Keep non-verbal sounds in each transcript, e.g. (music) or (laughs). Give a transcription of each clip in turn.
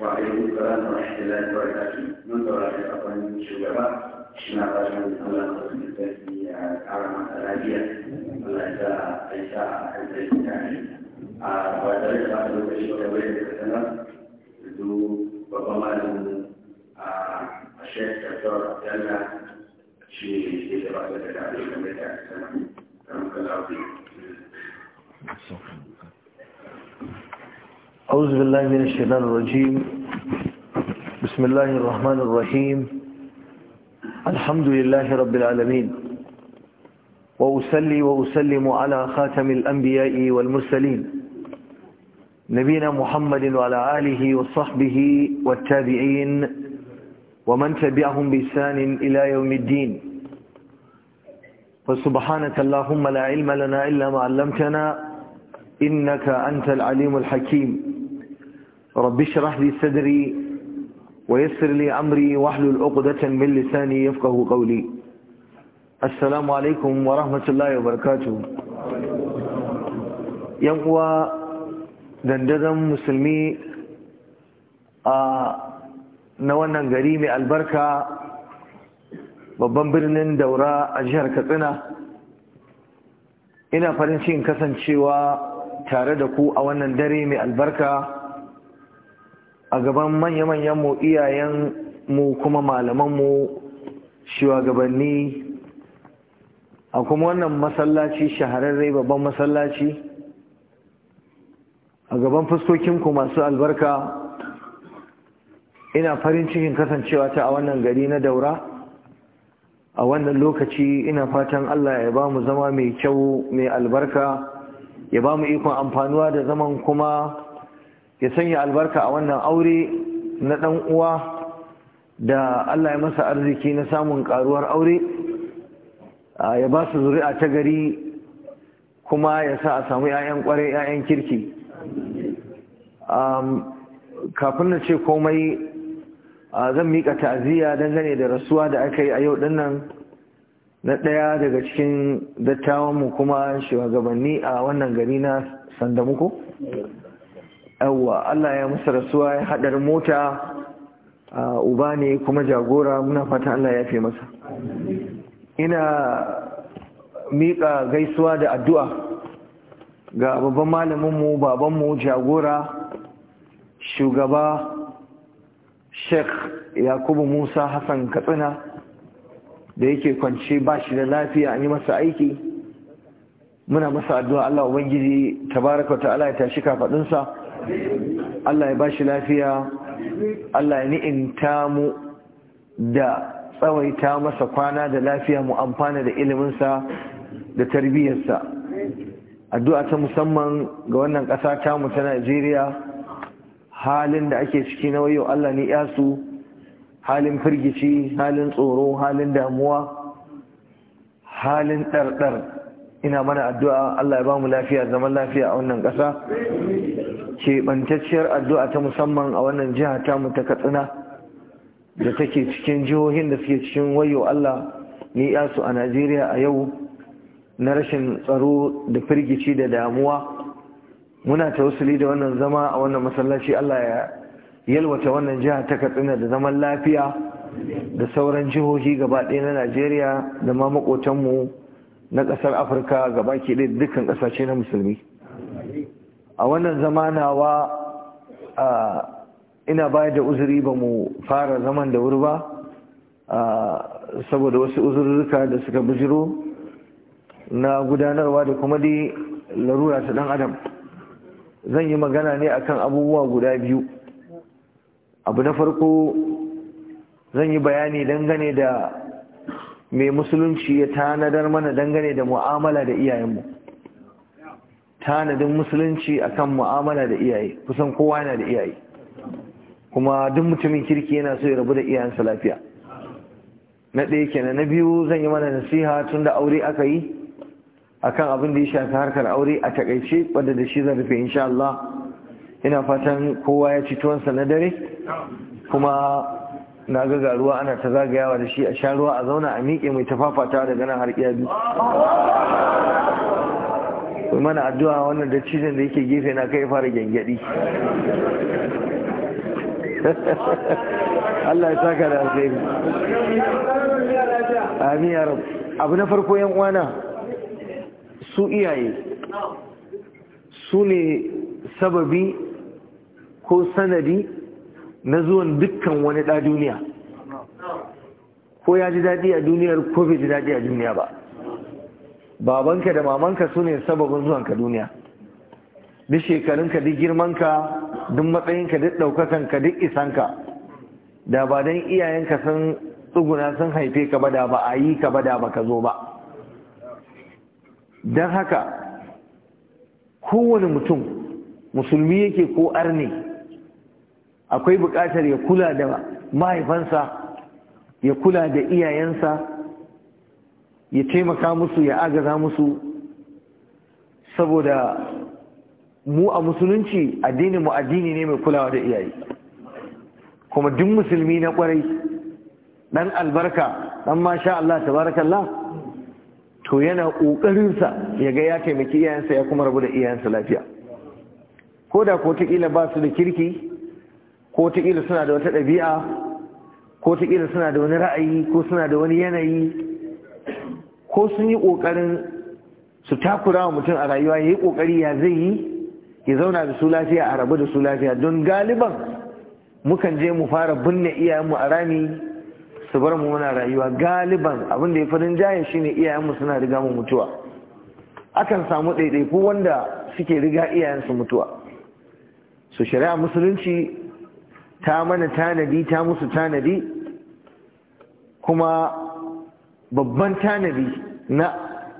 وعليه السلام ورحمة الله وبركاته من دورة الأقوال شجرة شنا قاسم الله قسم التسمية على مسألة الله يسعى يسعى الإسلام وذلك بعد الشيخ وليد الحسنة ذو وضمان الشيخ دكتور جلة شيء في دراسة التعليم والمتعة السلام كما قال الله أعوذ بالله من الشيطان الرجيم بسم الله الرحمن الرحيم الحمد لله رب العالمين وأسلي وأسلم على خاتم الأنبياء والمرسلين نبينا محمد وعلى آله وصحبه والتابعين ومن تبعهم بإحسان إلى يوم الدين وسبحانك اللهم لا علم لنا إلا ما علمتنا إنك أنت العليم الحكيم رب اشرح لي صدري ويسر لي أمري واحلل عقدة من لساني يفقه قولي السلام عليكم ورحمة الله وبركاته ينقوى دندزم مسلمي na wannan gari mai albarka babban birnin daura a jihar katsina ina farin cikin kasancewa tare da ku a wannan dare mai albarka a gaban manya-manyan mu iyayen mu kuma malaman mu shugabanni a kuma wannan masallaci shahararre babban masallaci a gaban fuskokinku masu albarka ina farin cikin kasancewa ta a wannan gari na daura a wannan lokaci ina fatan Allah ya ba mu zama mai kyau mai albarka ya ba mu ikon amfanuwa da zaman kuma ya sanya albarka a wannan aure na ɗan uwa da Allah ya masa arziki na samun ƙaruwar aure ya ba su zuri'a ta gari kuma ya sa a samu 'ya'yan ƙware 'ya'yan kirki kafin na ce komai zan miƙa ta'aziyya dangane da rasuwa da aka yi a yau dinnan na ɗaya daga cikin dattawanmu kuma shugabanni a wannan gari na muku. yawwa Allah ya musu rasuwa ya haɗar mota a uba ne kuma jagora muna fata Allah ya fi masa ina miƙa gaisuwa da addu'a ga babban malaminmu babanmu jagora shugaba sheikh yakubu musa hassan katsina da yake kwanci ba shi da lafiya an yi masa aiki muna masa addu'a Allah Ubangiji tabaraka ta'ala ya tashi kafaɗinsa Allah ya ba shi lafiya Allah ya ni'inta mu da tsawaita masa kwana da lafiya mu amfana da iliminsa da tarbiyyarsa addu'a ta musamman ga wannan ƙasa ta mu ta Najeriya halin da ake ciki na wayo Allah ni yasu halin firgici halin tsoro halin damuwa halin ɗarɗar ina mana addu'a Allah ya ba mu lafiya zaman lafiya a wannan ƙasa keɓantacciyar addu'a ta musamman a wannan jiha ta mu ta katsina da take cikin jihohin da suke cikin wayo Allah ni yasu a Najeriya a yau na rashin tsaro da firgici da damuwa muna ta wasuli da wannan zama a wannan masallaci Allah ya yalwata wannan jiha ta katsina da zaman lafiya da sauran jihohi gaba ɗaya na Najeriya da ma maƙotanmu na ƙasar afirka gaba ke ɗaya dukkan ƙasashe na musulmi a wannan zamanawa ina bayar da uzuri ba mu fara zaman da wuri ba saboda wasu uzurruka da suka bujiro na gudanarwa da kuma dai larura ta ɗan adam zan yi magana ne akan abubuwa guda biyu abu na farko zan yi bayani dangane da mai musulunci ya tanadar mana dangane da mu'amala da iyayenmu tanadin musulunci akan mu'amala da iyaye kusan kowa yana da iyaye kuma duk mutumin kirki yana so ya rabu da iyayensa lafiya na ɗaya kenan na biyu zan yi mana nasiha tun da aure aka yi akan abin da ya shafi harkar aure a takaice wadda da shi zan rufe insha ina fatan kowa ya ci tuwansa na dare kuma na ga ga ruwa ana ta zagayawa da shi a sha ruwa a zauna a miƙe mai tafafata da nan har iya biyu mana addu'a wannan da cizon da yake gefe na kai fara gyangyaɗi (laughs) Allah ya saka da alkhairi amin ya rabu abu na farko yan uwana su iyaye su ne sababi ko sanadi na zuwan dukkan wani ɗa duniya ko ya ji daɗi a duniyar ko bai ji daɗi a duniya ba babanka da mamanka su ne sababin zuwanka duniya duk shekarunka duk girmanka duk matsayinka duk ɗaukakanka duk isanka da ba don iyayenka sun tsuguna sun haife ka ba da ba a yi ka ba da ba ka zo ba don haka kowane mutum musulmi yake ko arne akwai buƙatar ya kula da mahaifansa ya kula da iyayensa ya taimaka musu ya agaza musu saboda mu a musulunci addini mu addini ne mai kulawa da iyaye kuma duk musulmi na kwarai dan albarka dan masha Allah tabarakallah to yana ƙoƙarinsa ya ga ya taimaki iyayensa ya kuma rabu da iyayensa lafiya ko da ko ta ba su da kirki ko taƙila suna da wata ɗabi'a ko taƙila suna da wani ra'ayi ko suna da wani yanayi ko sun yi ƙoƙarin su takura wa mutum a rayuwa ya yi ƙoƙari ya zai yi ya zauna da su lafiya a rabu da su lafiya don galiban mukan je mu fara binne iyayenmu a rami su bar mu muna rayuwa galiban abin da ya farin jaya shine iyayenmu suna riga mu mutuwa akan samu ɗaiɗaiku wanda suke riga iyayensu mutuwa su shari'a musulunci ta mana tanadi ta musu tanadi kuma babban tanadi na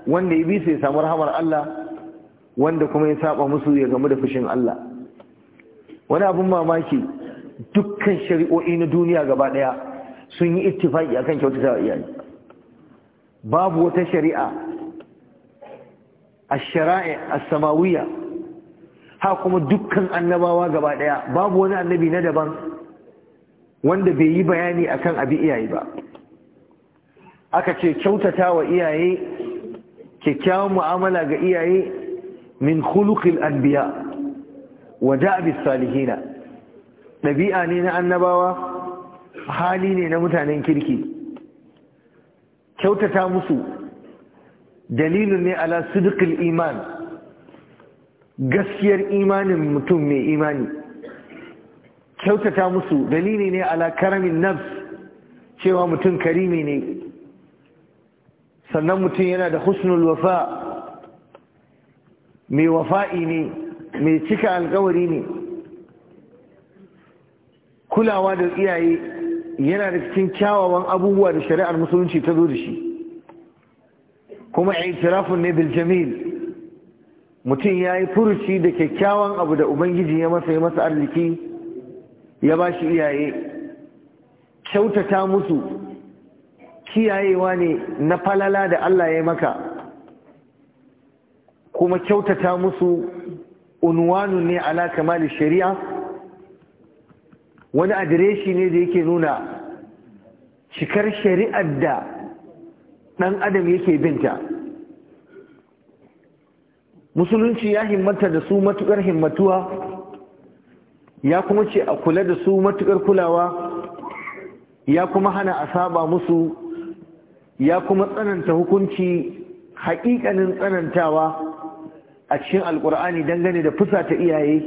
wanda ya bi su ya samu rahamar Allah wanda kuma ya saba musu ya gamu da fushin Allah wani abin mamaki dukkan shari'o'i na duniya gaba daya sun yi ittifaki akan kyautata wa iyaye babu wata shari'a a sharai as-samawiyya ha kuma dukkan annabawa gaba daya babu wani annabi na daban wanda bai yi bayani akan abi iyaye ba aka ce kyautata wa iyaye kyakkyawan mu'amala ga iyaye min khuluqil anbiya wa da'bis salihina dabi'a ne na annabawa hali ne na mutanen kirki kyautata musu dalilin ne ala sidqil iman gaskiyar imanin mutum mai imani kyautata musu dalili ne ala karamin nafs cewa mutum karimi ne sannan mutum yana da husnul wafa mai wafa'i ne mai cika alkawari ne kulawa da iyaye yana da cikin kyawawan abubuwa da shari'ar musulunci ta zo da shi kuma itirafun ne bil mutum ya yi furuci da kyakkyawan abu da ubangiji ya masa yi masa arziki ya ba shi iyaye kyautata musu kiyayewa ne na falala da Allah ya maka kuma kyautata musu unwanu ne ala kamali shari'a wani adireshi ne da yake nuna cikar shari'ar da ɗan adam yake binta musulunci ya himmata da su matuƙar himmatuwa ya kuma ce a kula da su matukar kulawa ya kuma hana a saba musu ya kuma tsananta hukunci haƙiƙanin tsanantawa a cikin alkur'ani dangane da fusata iyaye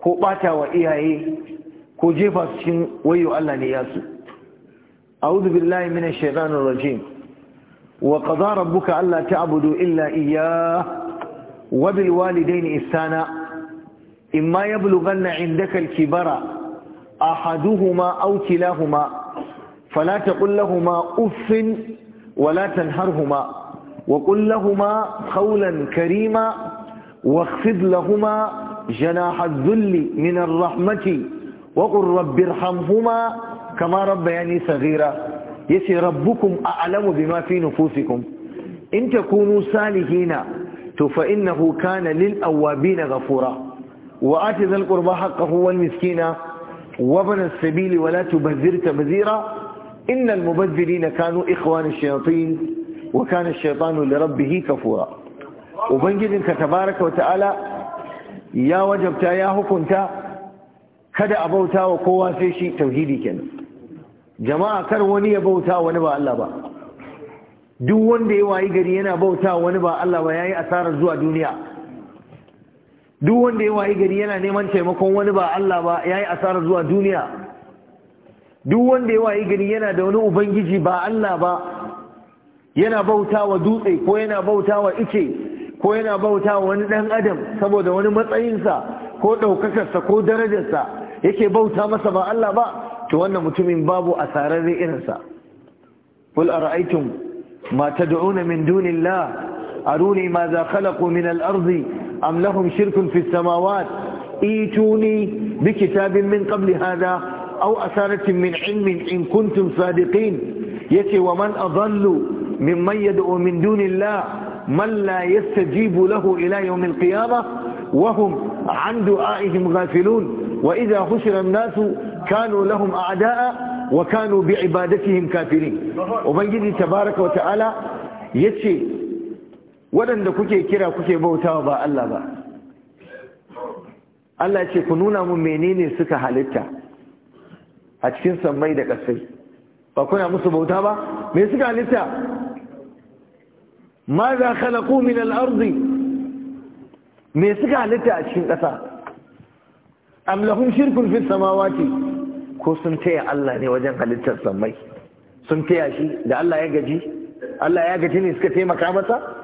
ko ɓata wa iyaye ko jefa su cikin wayo Allah ne ya yasu a'udhu billahi minash shaitanir rajim wa qadara rabbuka alla ta'budu illa iyyah wa bil walidayni ihsana إما يبلغن عندك الكبر أحدهما أو كلاهما فلا تقل لهما أف ولا تنهرهما وقل لهما قولا كريما واخفض لهما جناح الذل من الرحمة وقل رب ارحمهما كما ربياني صغيرا يسي ربكم أعلم بما في نفوسكم إن تكونوا صالحين فإنه كان للأوابين غفورا wa ati zal qurba haqqahu wal miskina wa ibn as-sabil wa la tubadhir tabdhira innal mubadhirina kanu ikhwan ash-shayatin wa kana ash-shaytanu li rabbih kafura ubangijinka tabaaraka wa ta'ala ya wajabta ya hukunta kada a bauta wa kowa sai shi tauhidi kenan jama'a kar wani ya bauta wani ba duk wanda ya wayi gari yana bauta wani ba Allah ba yayi asarar zuwa duniya duk wanda ya wayi gari yana neman taimakon wani ba Allah ba ya yi asarar zuwa duniya duk wanda ya wayi gari yana da wani ubangiji ba Allah ba yana bauta wa dutse ko yana bauta wa ice ko yana bauta wa wani ɗan adam saboda wani matsayinsa ko ɗaukakarsa ko darajarsa yake bauta masa ba Allah ba to wannan mutumin babu asararre irinsa قل أرأيتم ما تدعون من دون الله أروني ماذا خلقوا من الأرض أم لهم شرك في السماوات ايتوني بكتاب من قبل هذا أو أثارة من علم إن كنتم صادقين يتي ومن أضل ممن يدعو من دون الله من لا يستجيب له إلى يوم القيامة وهم عن دعائهم غافلون وإذا خسر الناس كانوا لهم أعداء وكانوا بعبادتهم كافرين وبنجد تبارك وتعالى يتي waɗanda kuke kira kuke bautawa ba Allah ba Allah ce ku nuna mu menene suka halitta a cikin sammai da ƙasai ba kuna musu bauta ba me suka halitta ma za khalaqu min al-ardi me suka halitta a cikin ƙasa am lahum shirkun fi samawati ko sun taya Allah ne wajen halittar sammai sun taya shi da Allah ya gaji Allah ya gaji ne suka taimaka masa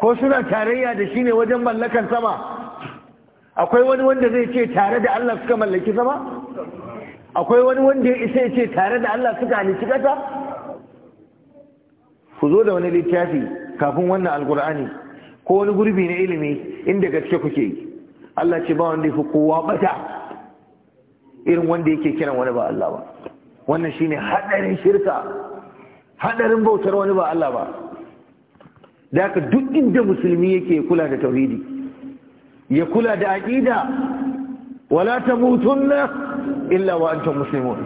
ko suna tarayya da shi ne wajen mallakan sama akwai wani wanda zai ce tare da Allah suka mallaki sama akwai wani wanda ya ce tare da Allah suka halici kasa ku zo da wani littafi kafin wannan alkur'ani ko wani gurbi na ilimi inda gaske kuke yi Allah ce ba wanda ya fi kowa bata irin wanda yake kiran wani ba Allah ba wannan shine hadarin shirka hadarin bautar wani ba Allah ba da haka duk inda musulmi yake kula da tauhidi ya kula da aqida wala tamutunna illa wa antum muslimun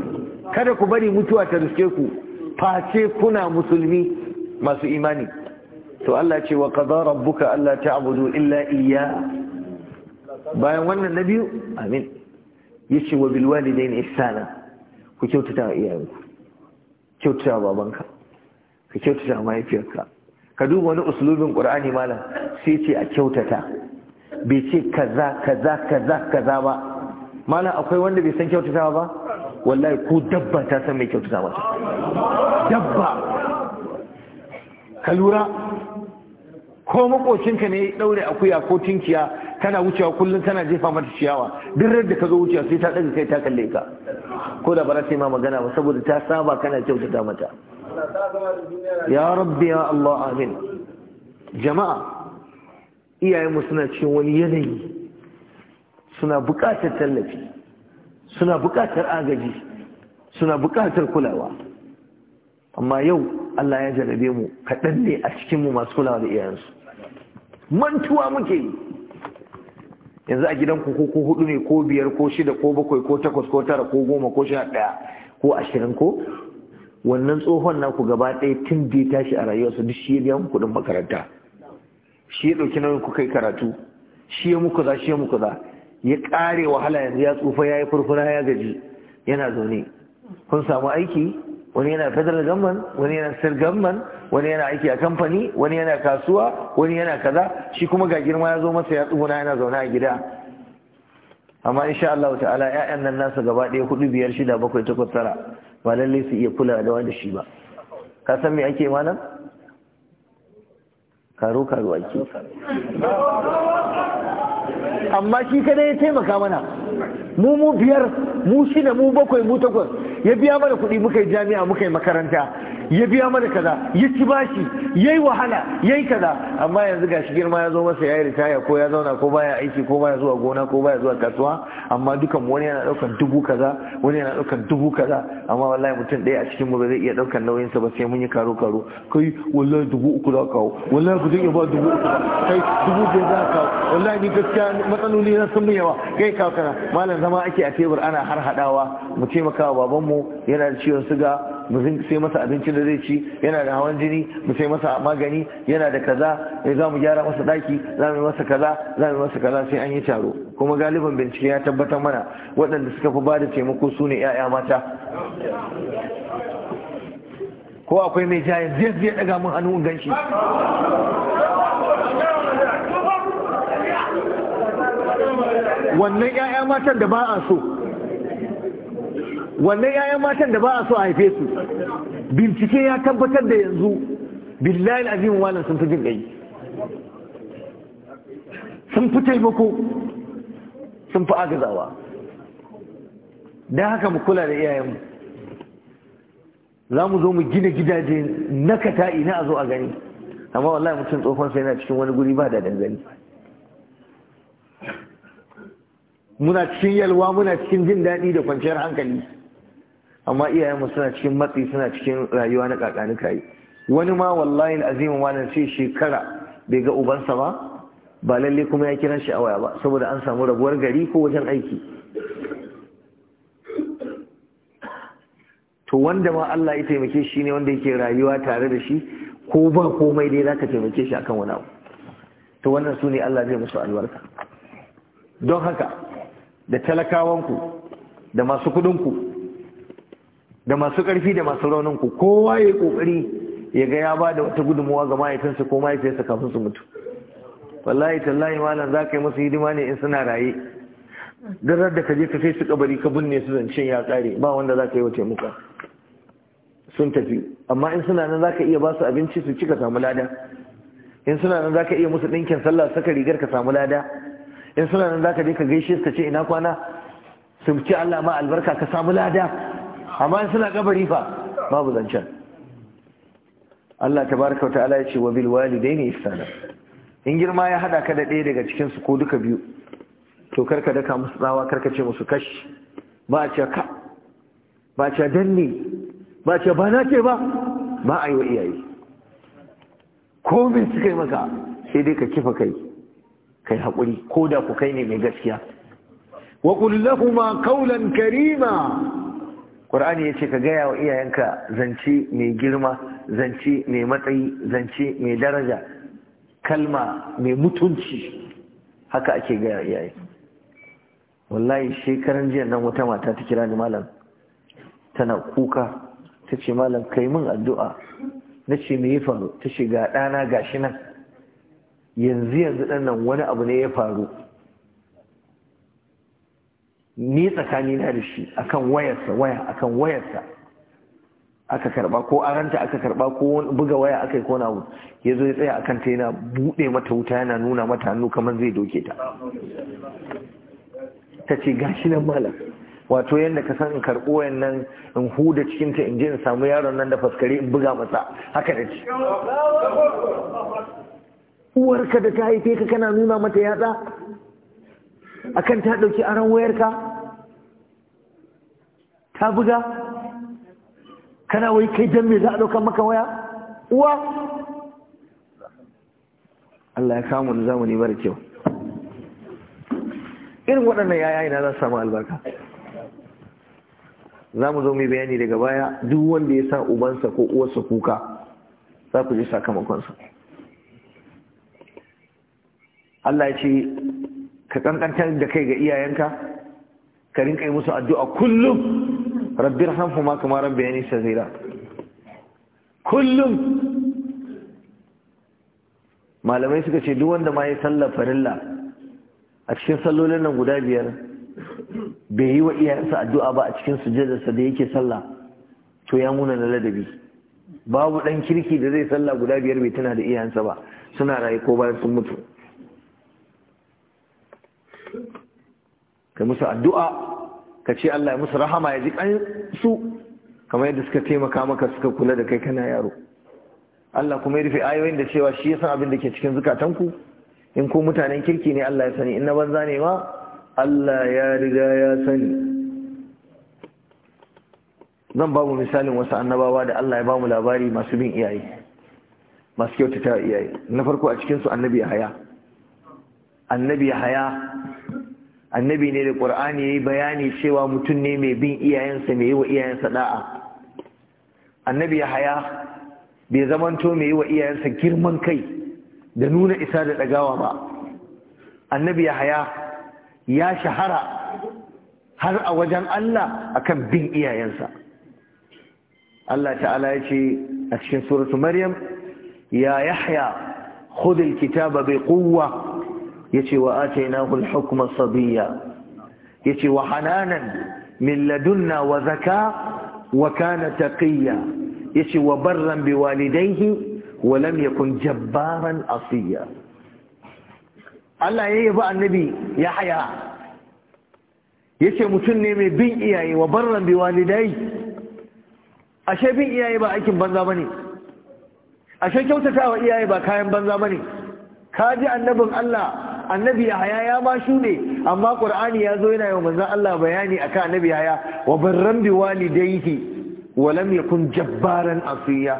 kada ku bari mutuwa ta riske ku face kuna musulmi masu imani to Allah ce wa qadara rabbuka alla ta'budu illa iyya bayan wannan na biyu amin yace wa bil walidaini ihsana ku kyautata iyayenku kyautata babanka ka kyautata mahaifiyarka ka duba wani usulubin ƙurani malam sai ce a kyautata bai ce kaza kaza kaza kaza ba malam akwai wanda bai san kyautatawa ba wallahi ko dabba ta san mai kyautata ba dabba ka lura ko makocinka ne ɗaure daure akuya ko tinkiya tana wucewa kullum tana jefa mata ciyawa duk da ka zo wucewa sai ta daga kai ta kalle ka ko da ba sai ma magana ba saboda ta saba kana kyautata mata ya rabbi ya Allah amin jama'a iyayenmu suna cikin wani yanayi suna buƙatar tallafi suna buƙatar agaji suna buƙatar kulawa amma yau Allah ya jarabe mu kaɗan ne a cikinmu masu kulawa da iyayensu mantuwa muke yi yanzu a gidan ko ko hudu ne ko biyar ko shida ko bakwai ko takwas ko tara ko goma ko sha ɗaya ko ashirin ko wannan tsohon naku gaba ɗaya tun da ya tashi a rayuwarsa duk shi ya biya muku kuɗin makaranta shi ya ɗauki nauyin ku kai karatu shi ya muku za shi ya muku za ya ƙare wahala yanzu ya tsufa ya yi furfura ya gaji yana zaune kun samu aiki wani yana federal government wani yana state government wani yana aiki a kamfani wani yana kasuwa wani yana kaza shi kuma ga girma ya zo masa ya tsuguna yana zaune a gida amma insha Allah ta'ala ya'yan nan nasa gaba ɗaya hudu biyar shida bakwai takwas tara ba lalle su iya kula da shi ba ka san me ake malam karo karo ake amma shi kadai ya taimaka mana mu mu biyar mu shi da mu bakwai mu takwas ya biya mana kuɗi muka yi jami'a muka yi makaranta ya biya mana kaza ya ci bashi ya yi wahala ya yi kaza amma yanzu gashi girma ya zo masa ya yi ritaya ko ya zauna ko baya aiki ko baya zuwa gona ko baya zuwa kasuwa amma dukan wani yana daukan dubu kaza wani yana daukan dubu kaza amma wallahi mutum ɗaya a cikin mu ba zai iya daukan nauyin sa ba sai mun yi karo karo kai wallahi dubu uku za kawo wallahi ku zai ba dubu uku kai dubu biyar za kawo wallahi ni gaskiya matsaloli na sun yawa kai kawo kana malam zama ake a tebur ana har hadawa mu taimaka wa babanmu yana da ciwon suga mu sai masa abinci da zai ci yana da hawan jini mu sai masa magani yana da kaza eh, za mu gyara masa daki za mu masa kaza za mu masa kaza sai an yi taro kuma galiban bincike ya tabbatar mana waɗanda suka fi ba da taimako su ne 'ya'ya mata ko akwai mai jayin zai daga mun hannu ganshi wannan 'ya'ya matan da ba a so wannan 'ya'yan matan da ba a so a haife su bincike ya tabbatar da yanzu billahi alazim wannan sun fi jin gai, sun fi taimako sun fi agazawa don haka mu kula da iyayenmu za mu zo mu gina gidaje na kata'i na a zo a gani amma wallahi mutum tsohon sai yana cikin wani guri ba da dangane muna cikin yalwa muna cikin jin daɗi da kwanciyar hankali amma iyayen mu suna cikin matsi suna cikin rayuwa na kakani kai wani ma wallahi azimin malam ce shekara bai ga ubansa ba ba lalle kuma ya kiran shi a waya ba saboda an samu rabuwar gari ko wajen aiki to wanda ma Allah ya taimake shi ne wanda yake rayuwa tare da shi ko ba komai dai zaka taimake shi akan wani abu to wannan su ne Allah zai musu albarka don haka da talakawanku da masu kudinku da masu ƙarfi da masu raunin ku kowa ya kokari ya ga ya ba da wata gudunmuwa ga ma'aikansa ko ma'aikansa kafin su mutu wallahi tallahi malam za ka yi musu hidima ne in suna raye darar da ka je ka kai su kabari ka binne su zancen ya tsare ba wanda za ka yi wa taimaka sun tafi amma in suna nan za ka iya ba su abinci su ci ka samu lada in suna nan za ka iya musu ɗinkin sallah saka rigar ka samu lada in suna nan za ka je ka gaishe su ka ce ina kwana su ci Allah ma albarka ka samu lada amma suna kabari fa babu zancen Allah tabaraka ta'ala ya ce wa bil walidaini ihsana in girma ya hada ka da ɗaya daga cikin su ko duka biyu to karka daka musu tsawa karka ce musu kashi ba a ce ka ba a ce danne ba a ce ba na ce ba ba a yi wa iyaye ko min suka yi maka sai dai ka kifa kai kai haƙuri ko da ku kai ne mai gaskiya wa kullahuma qawlan karima Qur'ani ya ce ka gaya wa iyayenka zance mai girma zance mai matsayi zance mai daraja kalma mai mutunci haka ake gaya wa iyaye wallahi shekaran jiya nan wata mata ta kira ni malam tana kuka ta ce malam kai min addu'a na ce me ya faru ta ce ga ɗana gashi nan yanzu yanzu ɗan nan wani abu ne ya faru ni tsakanina da shi akan wayarsa waya akan wayarsa aka karba ko aranta aka karba ko buga waya aka yi ko na ya zo ya tsaya akan ta yana buɗe mata wuta yana nuna mata hannu kamar zai doke ta ta ce gashi nan malam wato yadda ka san in karɓo wayannan in huda cikinta in je in samu yaron nan da faskare in buga masa haka da ci uwarka da ta haife ka kana nuna mata yatsa akan ta ɗauki aron wayarka ta buga kana wai kai don me za a ɗaukan maka waya uwa Allah ya samu da zamani mara kyau irin waɗannan yaya ina za su samu albarka za mu zo mai bayani daga baya duk wanda ya sa ubansa ko uwarsa kuka za ku ji sakamakonsa Allah ya ce ka kankantar da kai ga iyayenka ka rinka yi musu addu'a kullum rabbi hamfu ma kamar bayani shazira kullum malamai suka ce duk wanda ma ya sallar farilla a cikin sallolin nan guda biyar bai yi wa iyayensa addu'a ba a cikin sujadarsa da yake sallah to ya muna na ladabi babu ɗan kirki da zai sallah guda biyar bai tuna da iyayensa ba suna rayu ko bayan sun mutu ka musu addu'a ka ce Allah ya musu rahama ya ji su kamar yadda suka taimaka maka suka kula da kai kana yaro Allah kuma ya rufe ayoyin da cewa shi ya san abin da ke cikin zukatanku in ko mutanen kirki ne Allah ya sani in na banza ne ma Allah ya riga ya sani zan ba mu misalin wasu annabawa da Allah ya ba mu labari masu bin iyaye masu kyautata iyaye na farko a cikinsu annabi annabi ya haya annabi ne da ƙur'ani ya yi bayani cewa mutum ne mai bin iyayensa mai yi wa iyayensa da'a annabi ya haya bai zamanto mai yi wa iyayensa girman kai da nuna isa da ɗagawa ba annabi ya haya ya shahara har a wajen Allah akan bin iyayensa Allah ta'ala ya ce a cikin suratu maryam ya yahya khudh alkitaba biquwwa yace wa atainahu al-hukma sabiyya yace wa hananan min ladunna wa zaka wa kana taqiyya yace wa barran biwalidayhi wa lam yakun jabbaran asiya Allah ya yabi annabi Yahya yace mutum ne mai bin iyaye wa barran biwalidayhi ashe bin iyaye ba aikin banza bane ashe kyautatawa iyaye ba kayan banza bane ka ji annabin Allah annabi yahaya ya ma shuɗe amma qur'ani ya zo yana yi manzon Allah bayani akan annabi yahaya wa barran bi walidayhi wa lam yakun jabbaran asiya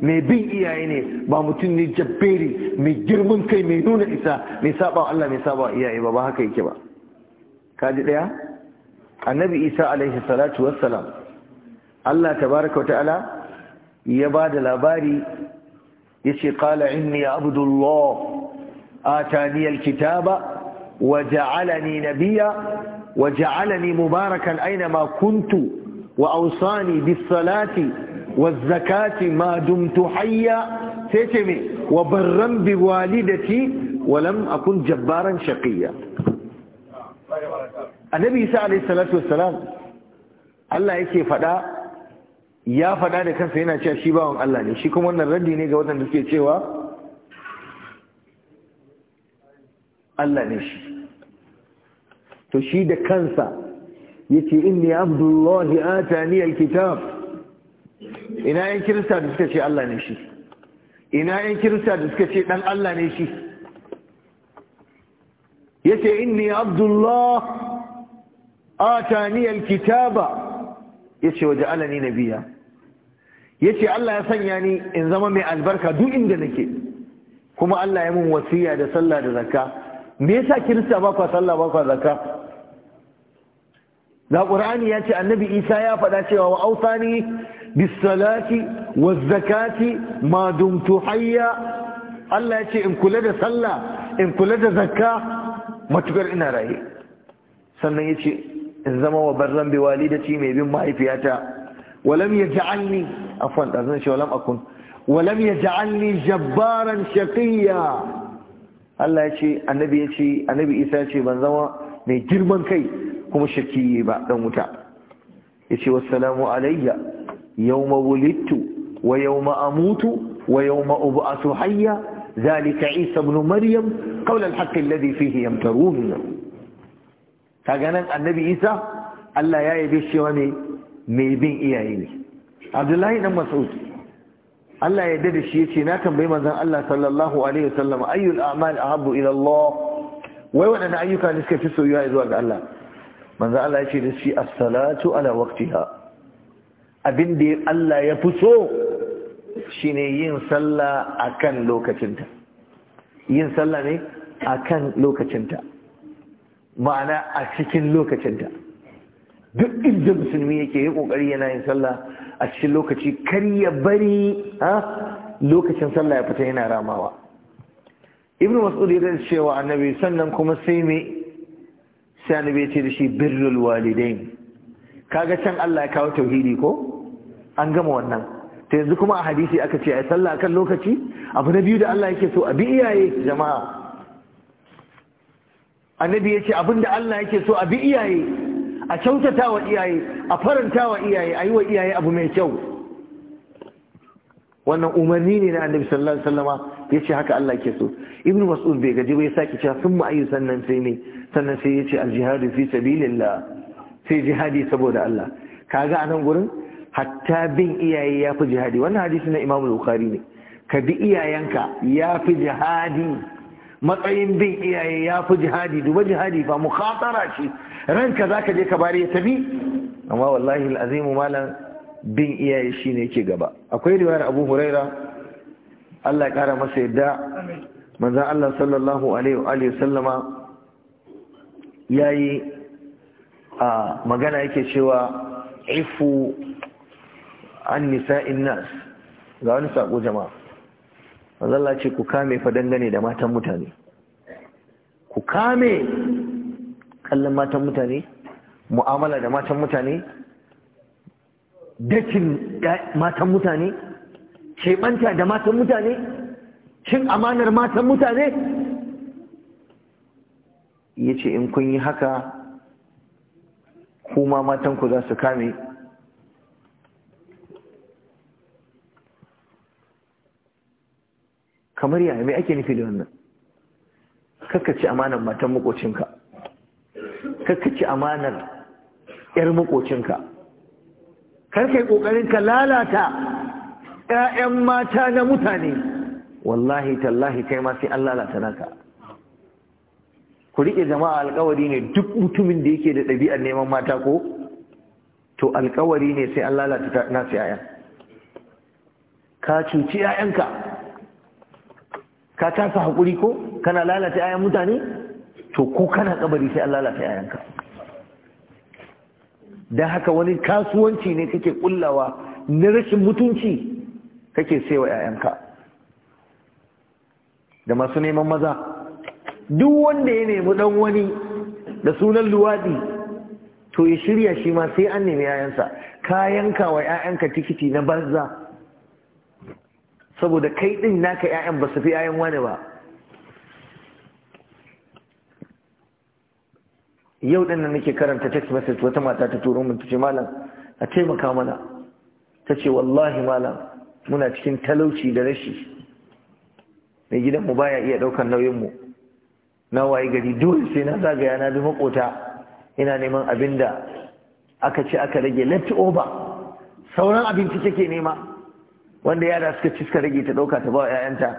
mai bin iyaye ne ba mutum ne jabberi mai girman kai mai nuna isa mai saba Allah mai saba iyaye ba ba haka yake ba kaji daya annabi isa alaihi salatu wassalam Allah tabaraka wata'ala ya ba da labari ya ce kala inni abdullah آتاني الكتاب وجعلني نبيا وجعلني مباركا أينما كنت وأوصاني بالصلاة والزكاة ما دمت حيا تتمي وبرا بوالدتي ولم أكن جبارا شقيا النبي صلى الله عليه الصلاة والسلام الله يكي فدا يا فدا da kansa yana cewa shi bawon Allah ne shi kuma wannan raddi ne ga wadanda suke cewa Allah ne shi to shi da kansa yace inni abdullahi atani alkitab ina yan kirista da suka ce Allah ne shi ina yan kirista da suka ce dan Allah ne shi yace inni abdullah atani alkitaba yace waja'alani nabiyya yace Allah ya sanya ni in zama mai albarka duk inda nake kuma Allah ya mun wasiya da sallah da zakka me yasa kirista ba kwa sallah ba kwa zakka da qur'ani ya ce annabi isa ya faɗa cewa wa ausani bis salati waz zakati ma dumtu hayya Allah ya ce in kula da sallah in kula da zakka matukar ina raye sannan ya ce in zama wa barran bi walidati mai bin mahaifiyata walam yaj'alni afwan da zan ce walam akun walam yaj'alni jabbaran shaqiya Allah ya ce annabi ya ce annabi Isa ya ce ban zama mai girman kai kuma shakki ba dan wuta yace wassalamu alayya yawma wulidtu wa yawma amutu wa yawma ub'athu hayya zalika Isa ibn Maryam qawl al-haqq alladhi fihi yamtarun kaga nan annabi Isa Allah ya yabe shi wani mai bin iyaye ne Abdullahi dan Mas'ud Allah ya da shi yace na tambayi manzon Allah sallallahu alaihi wasallam ayyul a'mal ahabbu ila Allah wai wadannan ayyuka ne suka fi soyuwa zuwa ga Allah manzon Allah yace da shi as-salatu ala waqtiha abin da Allah ya fi so shine yin sallah akan lokacinta yin sallah ne akan lokacinta ma'ana a cikin lokacinta duk inda musulmi yake yi kokari yana yin sallah a cikin lokaci kar ya bari lokacin sallah ya fita yana ramawa ibnu mas'ud ya da cewa annabi sannan kuma sai me sai annabi ya ce da shi birrul walidain kaga can Allah ya kawo tauhidi ko an gama wannan ta yanzu kuma a hadisi aka ce a sallah kan lokaci abu na biyu da Allah yake so a bi iyaye jama'a annabi ya ce da Allah yake so a bi iyaye a kyautata wa iyaye a faranta wa iyaye a yi wa iyaye abu mai kyau wannan umarni ne na annabi sallallahu alaihi wasallama ya ce haka Allah ke so ibn mas'ud bai gaji bai saki cewa sun ma'ayi sannan sai ne sannan sai ya ce aljihadu fi sabilillah sai jihadi saboda Allah kaga anan gurin hatta bin iyaye ya fi jihadi wannan hadisi na imam bukhari ne ka bi iyayenka ya fi jihadi matsayin bin iyaye ya fi jihadi duba jihadi fa mukhatara ce ranka za ka je ka bari ya tafi amma wallahi al'azimu malam bin iyaye shi ne yake gaba akwai riwayar abu huraira allah ya kara masa yadda Manza allah sallallahu alaihi sallama ya yi a magana yake cewa ifu an nisa'in nas ga wani sako jama'a ce ku kame fa dangane da matan mutane ku kame kallon matan mutane mu'amala da matan mutane dakin matan mutane keɓanta da matan mutane cin amanar matan mutane ya ce in kun yi haka kuma matanku za su kame kamar yaya mai ake nufi da wannan ci amanar matan makocinka ci amanar ƴar makocinka Kar karkai ƙoƙarin ka lalata ƴaƴan mata na mutane wallahi tallahi kai ma sai an lalata naka ku riƙe jama'a alƙawari ne duk mutumin da yake da ɗabi'ar neman mata ko to alƙawari ne sai an lalata nasu ‘ya'yan ka cuci ƴaƴanka. ka tasa hakuri ko kana lalata ƴaƴan mutane to ko kana kabari sai Allah lalata yayanka dan haka wani kasuwanci ne kake kullawa na rashin mutunci kake saiwa yayanka da masu neman maza duk wanda ya nemi dan wani da sunan luwadi to ya shirya shi ma sai an nemi yayansa ka yanka wa yayanka tikiti na banza saboda kai din naka yayan ba su fi yayan wani ba yau din nan nake karanta text message wata mata ta turo min ta ce malam a taimaka mana ta wallahi malam muna cikin talauci da rashi mai gidan mu baya iya nauyin mu. na waye gari dole sai na zagaya na bi makota ina neman abinda aka ci aka rage left over sauran abinci kake nema wanda yara suka ci suka rage ta ɗauka ta ba 'ya'yanta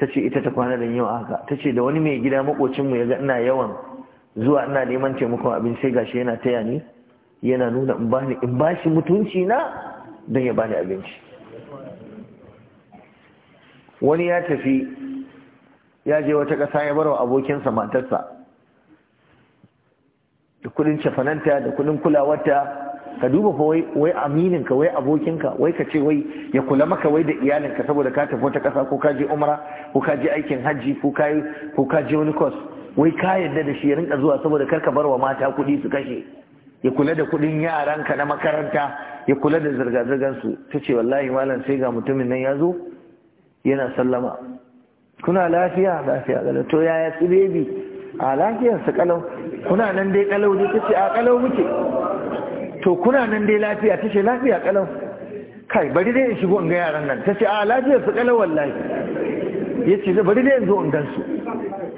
ta ce ita ta kwana da yau haka tace da wani mai gida mu ya ga ina yawan zuwa ina neman taimakon abin sai gashi yana taya ni yana nuna in bani in bashi mutunci na don ya bani abinci wani ya tafi ya je wata ƙasa ya wa abokinsa matarsa da kudin cefananta da kudin kulawarta ka duba fa wai wai aminin wai abokinka wai ka ce wai ya kula maka wai da iyalinka saboda ka tafi wata ƙasa ko ka je umra ko ka je aikin hajji ko ka ko ka je wani course wai ka yarda da shi ya rinka zuwa saboda kar bar wa mata kuɗi su kashe ya kula da kuɗin yaranka na makaranta ya kula da zirga-zirgar su ta ce wallahi malam sai ga mutumin nan ya zo yana sallama kuna lafiya lafiya galau to yaya su bebi a lafiyar su kalau kuna nan dai kalau ne ta ce a kalau muke to kuna nan dai lafiya ta ce lafiya kalau kai bari dai in shigo in ga yaran nan ta ce a su kalau wallahi ya ce bari dai in zo in su.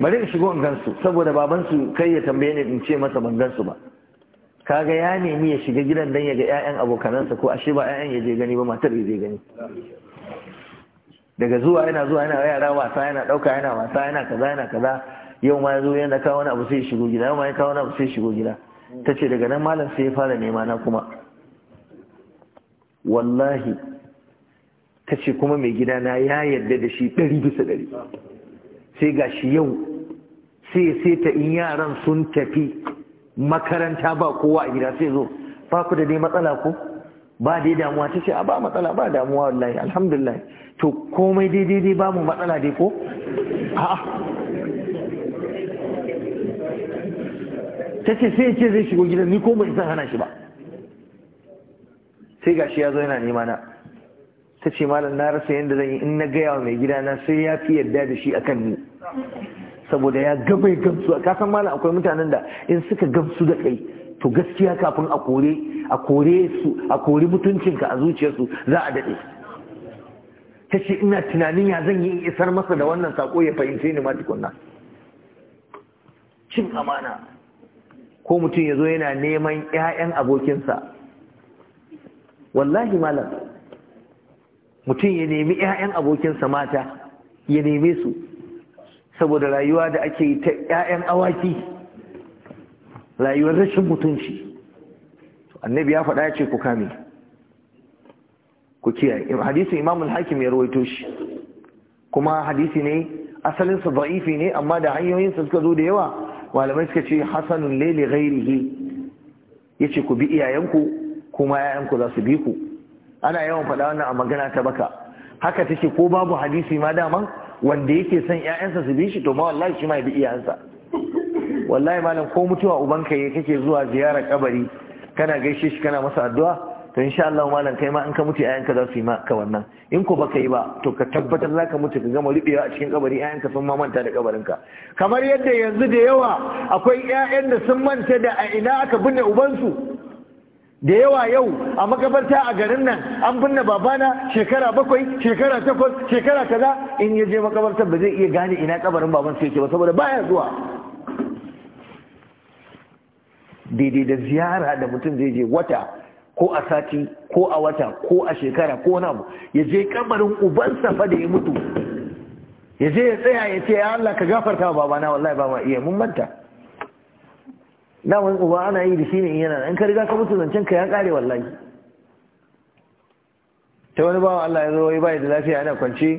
bari in shigo in gansu saboda babansu kai ya tambaye ni in ce masa ban gansu ba kaga ya nemi ya shiga gidan dan ya ga ƴaƴan abokanansa ko ashe ba ƴaƴan ya je gani ba matar ya je gani daga zuwa yana zuwa yana yara wasa yana ɗauka yana wasa yana kaza yana kaza yau ma yazo yana kawo wani abu sai ya shigo gida yau ma ya kawo wani abu sai ya shigo gida Ta ce daga nan malam sai ya fara nema na kuma wallahi ta ce kuma mai gida na ya yarda da shi ɗari bisa ɗari sai ga shi yau sai sai ta in yaran sun tafi makaranta ba kowa a gida sai zo ba ku da dai matsala ko ba dai damuwa ta ce a ba matsala ba damuwa wallahi alhamdulillah to komai dai dai dai ba mu matsala dai ko a'a ta ce sai ce zai shigo gidan ni ko ban san hana shi ba sai gashi ya zo yana nema na ta ce malam na rasa yadda zan yi in na gaya wa mai gidana sai ya fi yarda da shi akan ni saboda ya gabai gamsu a kasan malam akwai mutanen da in suka gamsu da kai to gaskiya kafin a kore a kore su a kore mutuncinka a zuciyarsu za a daɗe ta ce ina tunanin ya zan yi isar masa da wannan sako ya fahimce ni ma tukunna cin amana ko mutum ya zo yana neman 'ya'yan abokinsa wallahi malam mutum ya nemi 'ya'yan abokinsa mata ya neme su saboda rayuwa da ake yi ta 'ya'yan awaki rayuwar rashin mutunci annabi ya faɗa ce ku kame ku kiyaye hadisin imamul hakim ya rawaito shi kuma hadisi ne asalinsa ba'ifi ne amma da hanyoyinsa suka zo da yawa malamai suka ce hasanun lele ghairihi ya ce ku bi iyayenku kuma 'ya'yanku za su bi ku ana yawan faɗa wannan a magana ta baka haka take ko babu hadisi ma daman wanda yake son ƴaƴansa su bi shi to ma wallahi shi ma ya bi iyayensa wallahi malam ko mutuwa ubanka ya kake zuwa ziyarar kabari kana gaishe shi kana masa addu'a to insha Allah malam kai ma in ka mutu ƴaƴanka za su yi maka wannan in ko baka yi ba to ka tabbatar zaka mutu ka gama rubewa a cikin kabari ƴaƴanka sun ma manta da kabarinka kamar yadda yanzu da yawa akwai ƴaƴan da sun manta da a ina aka binne ubansu da yawa yau a makabarta a garin nan an binne babana shekara bakwai shekara takwas shekara kaza in ya je makabartar ba zai iya gane ina kabarin baban sai yake ba saboda baya zuwa daidai da ziyara da mutum zai je wata ko a sati ko a wata ko a shekara ko na mu ya je kabarin ubansa fa da ya mutu ya je ya tsaya ya ce ya Allah ka gafarta babana wallahi ba ma iya mun manta daman uba ana yi da shi ne in yana in ka riga ka mutu zancen ka ya kare wallahi ta wani bawa Allah ya zo ya bai da lafiya yana kwance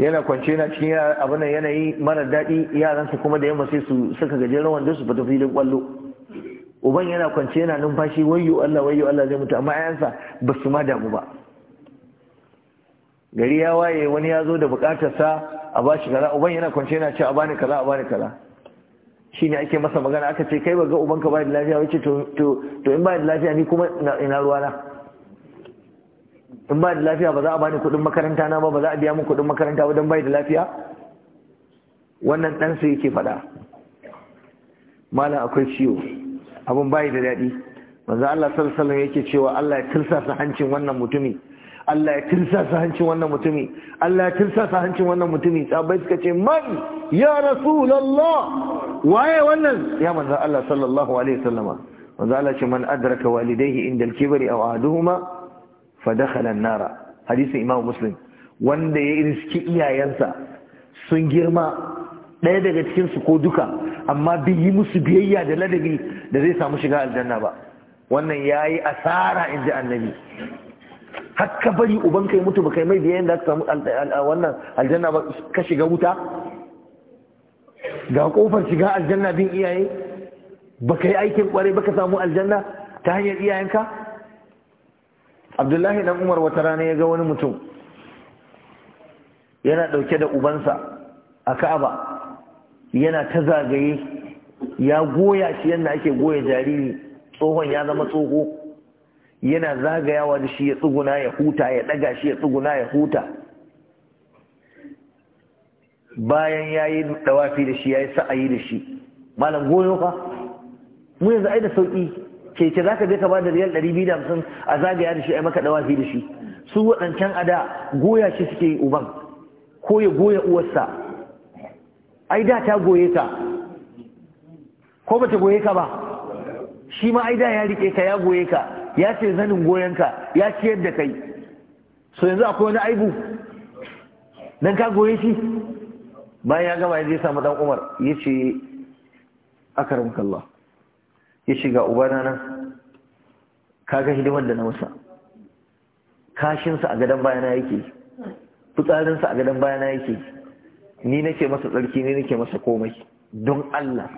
yana kwance na cikin abin nan yanayi mara daɗi yaransa kuma da yamma sai su suka gajeren wanda su fita filin kwallo uban yana kwance yana numfashi wayyo Allah wayyo Allah zai mutu amma ayansa ba su ma damu ba gari ya waye wani ya zo da bukatarsa a bashi kaza uban yana kwance yana ce a bani kaza a bani kaza shine ake masa magana aka ce kai baga ubanka ba da lafiya wace to in ba da lafiya ni kuma ina ruwa na in ba da lafiya ba za a bani kuɗin makaranta na ba ba za a biya min kuɗin makaranta ba don bai da lafiya wannan su yake faɗa malam akwai ciwo abin bai da daɗi manzo Allah sallallahu alaihi wasallam yake cewa Allah ya tilsa hancin wannan mutumi Allah ya tirsasa hancin wannan mutumi Allah ya tirsasa hancin wannan mutumi sabai suka ce man ya rasulullah waye wannan ya manzo Allah sallallahu alaihi wasallama manzo Allah ce man adraka walidayhi inda al-kibri aw ahaduhuma fa dakhala an-nara hadisi imam muslim wanda ya riski iyayensa sun girma ɗaya daga cikin su ko duka amma bai yi musu biyayya da ladabi da zai samu shiga aljanna ba wannan yayi asara inji annabi Hakka bari uban kai mutu ba kai mai biyayen da ka samu wannan aljanna ba ka shiga wuta ga kofar shiga aljanna bin iyaye ba kai aikin kware ba ka samu aljanna ta hanyar iyayenka abdullahi dan umar wata rana ya ga wani mutum yana dauke da ubansa a ka'aba yana ta zagaye ya goya shi yadda ake goya jariri tsohon ya zama tsoho yana zagayawa da shi ya tsuguna ya huta ya ɗaga shi ya tsuguna ya huta bayan ya yi ɗawafi da shi ya yi sa'ayi da shi malam goyo fa mu yanzu ai da sauƙi keke za ka je ka ba da riyal ɗari biyu da hamsin a zagaya da shi a maka ɗawafi da shi su waɗancan ada goya shi suke yi uban ko ya goya uwarsa ai da ta goye ka ko ba ta goye ka ba shi ma ai da ya riƙe ka ya goye ka ya ce zanin goyonka ya ciyar da kai so yanzu akwai wani aibu don ka goye shi bayan ya gama ya zai samu dan umar ya ce akaramka Allah ya shiga ubana nan kaga hidimar da na masa kashinsa a gadon bayana yake fitsarinsa a gadon bayana yake ni nake masa tsarki ni nake masa komai don Allah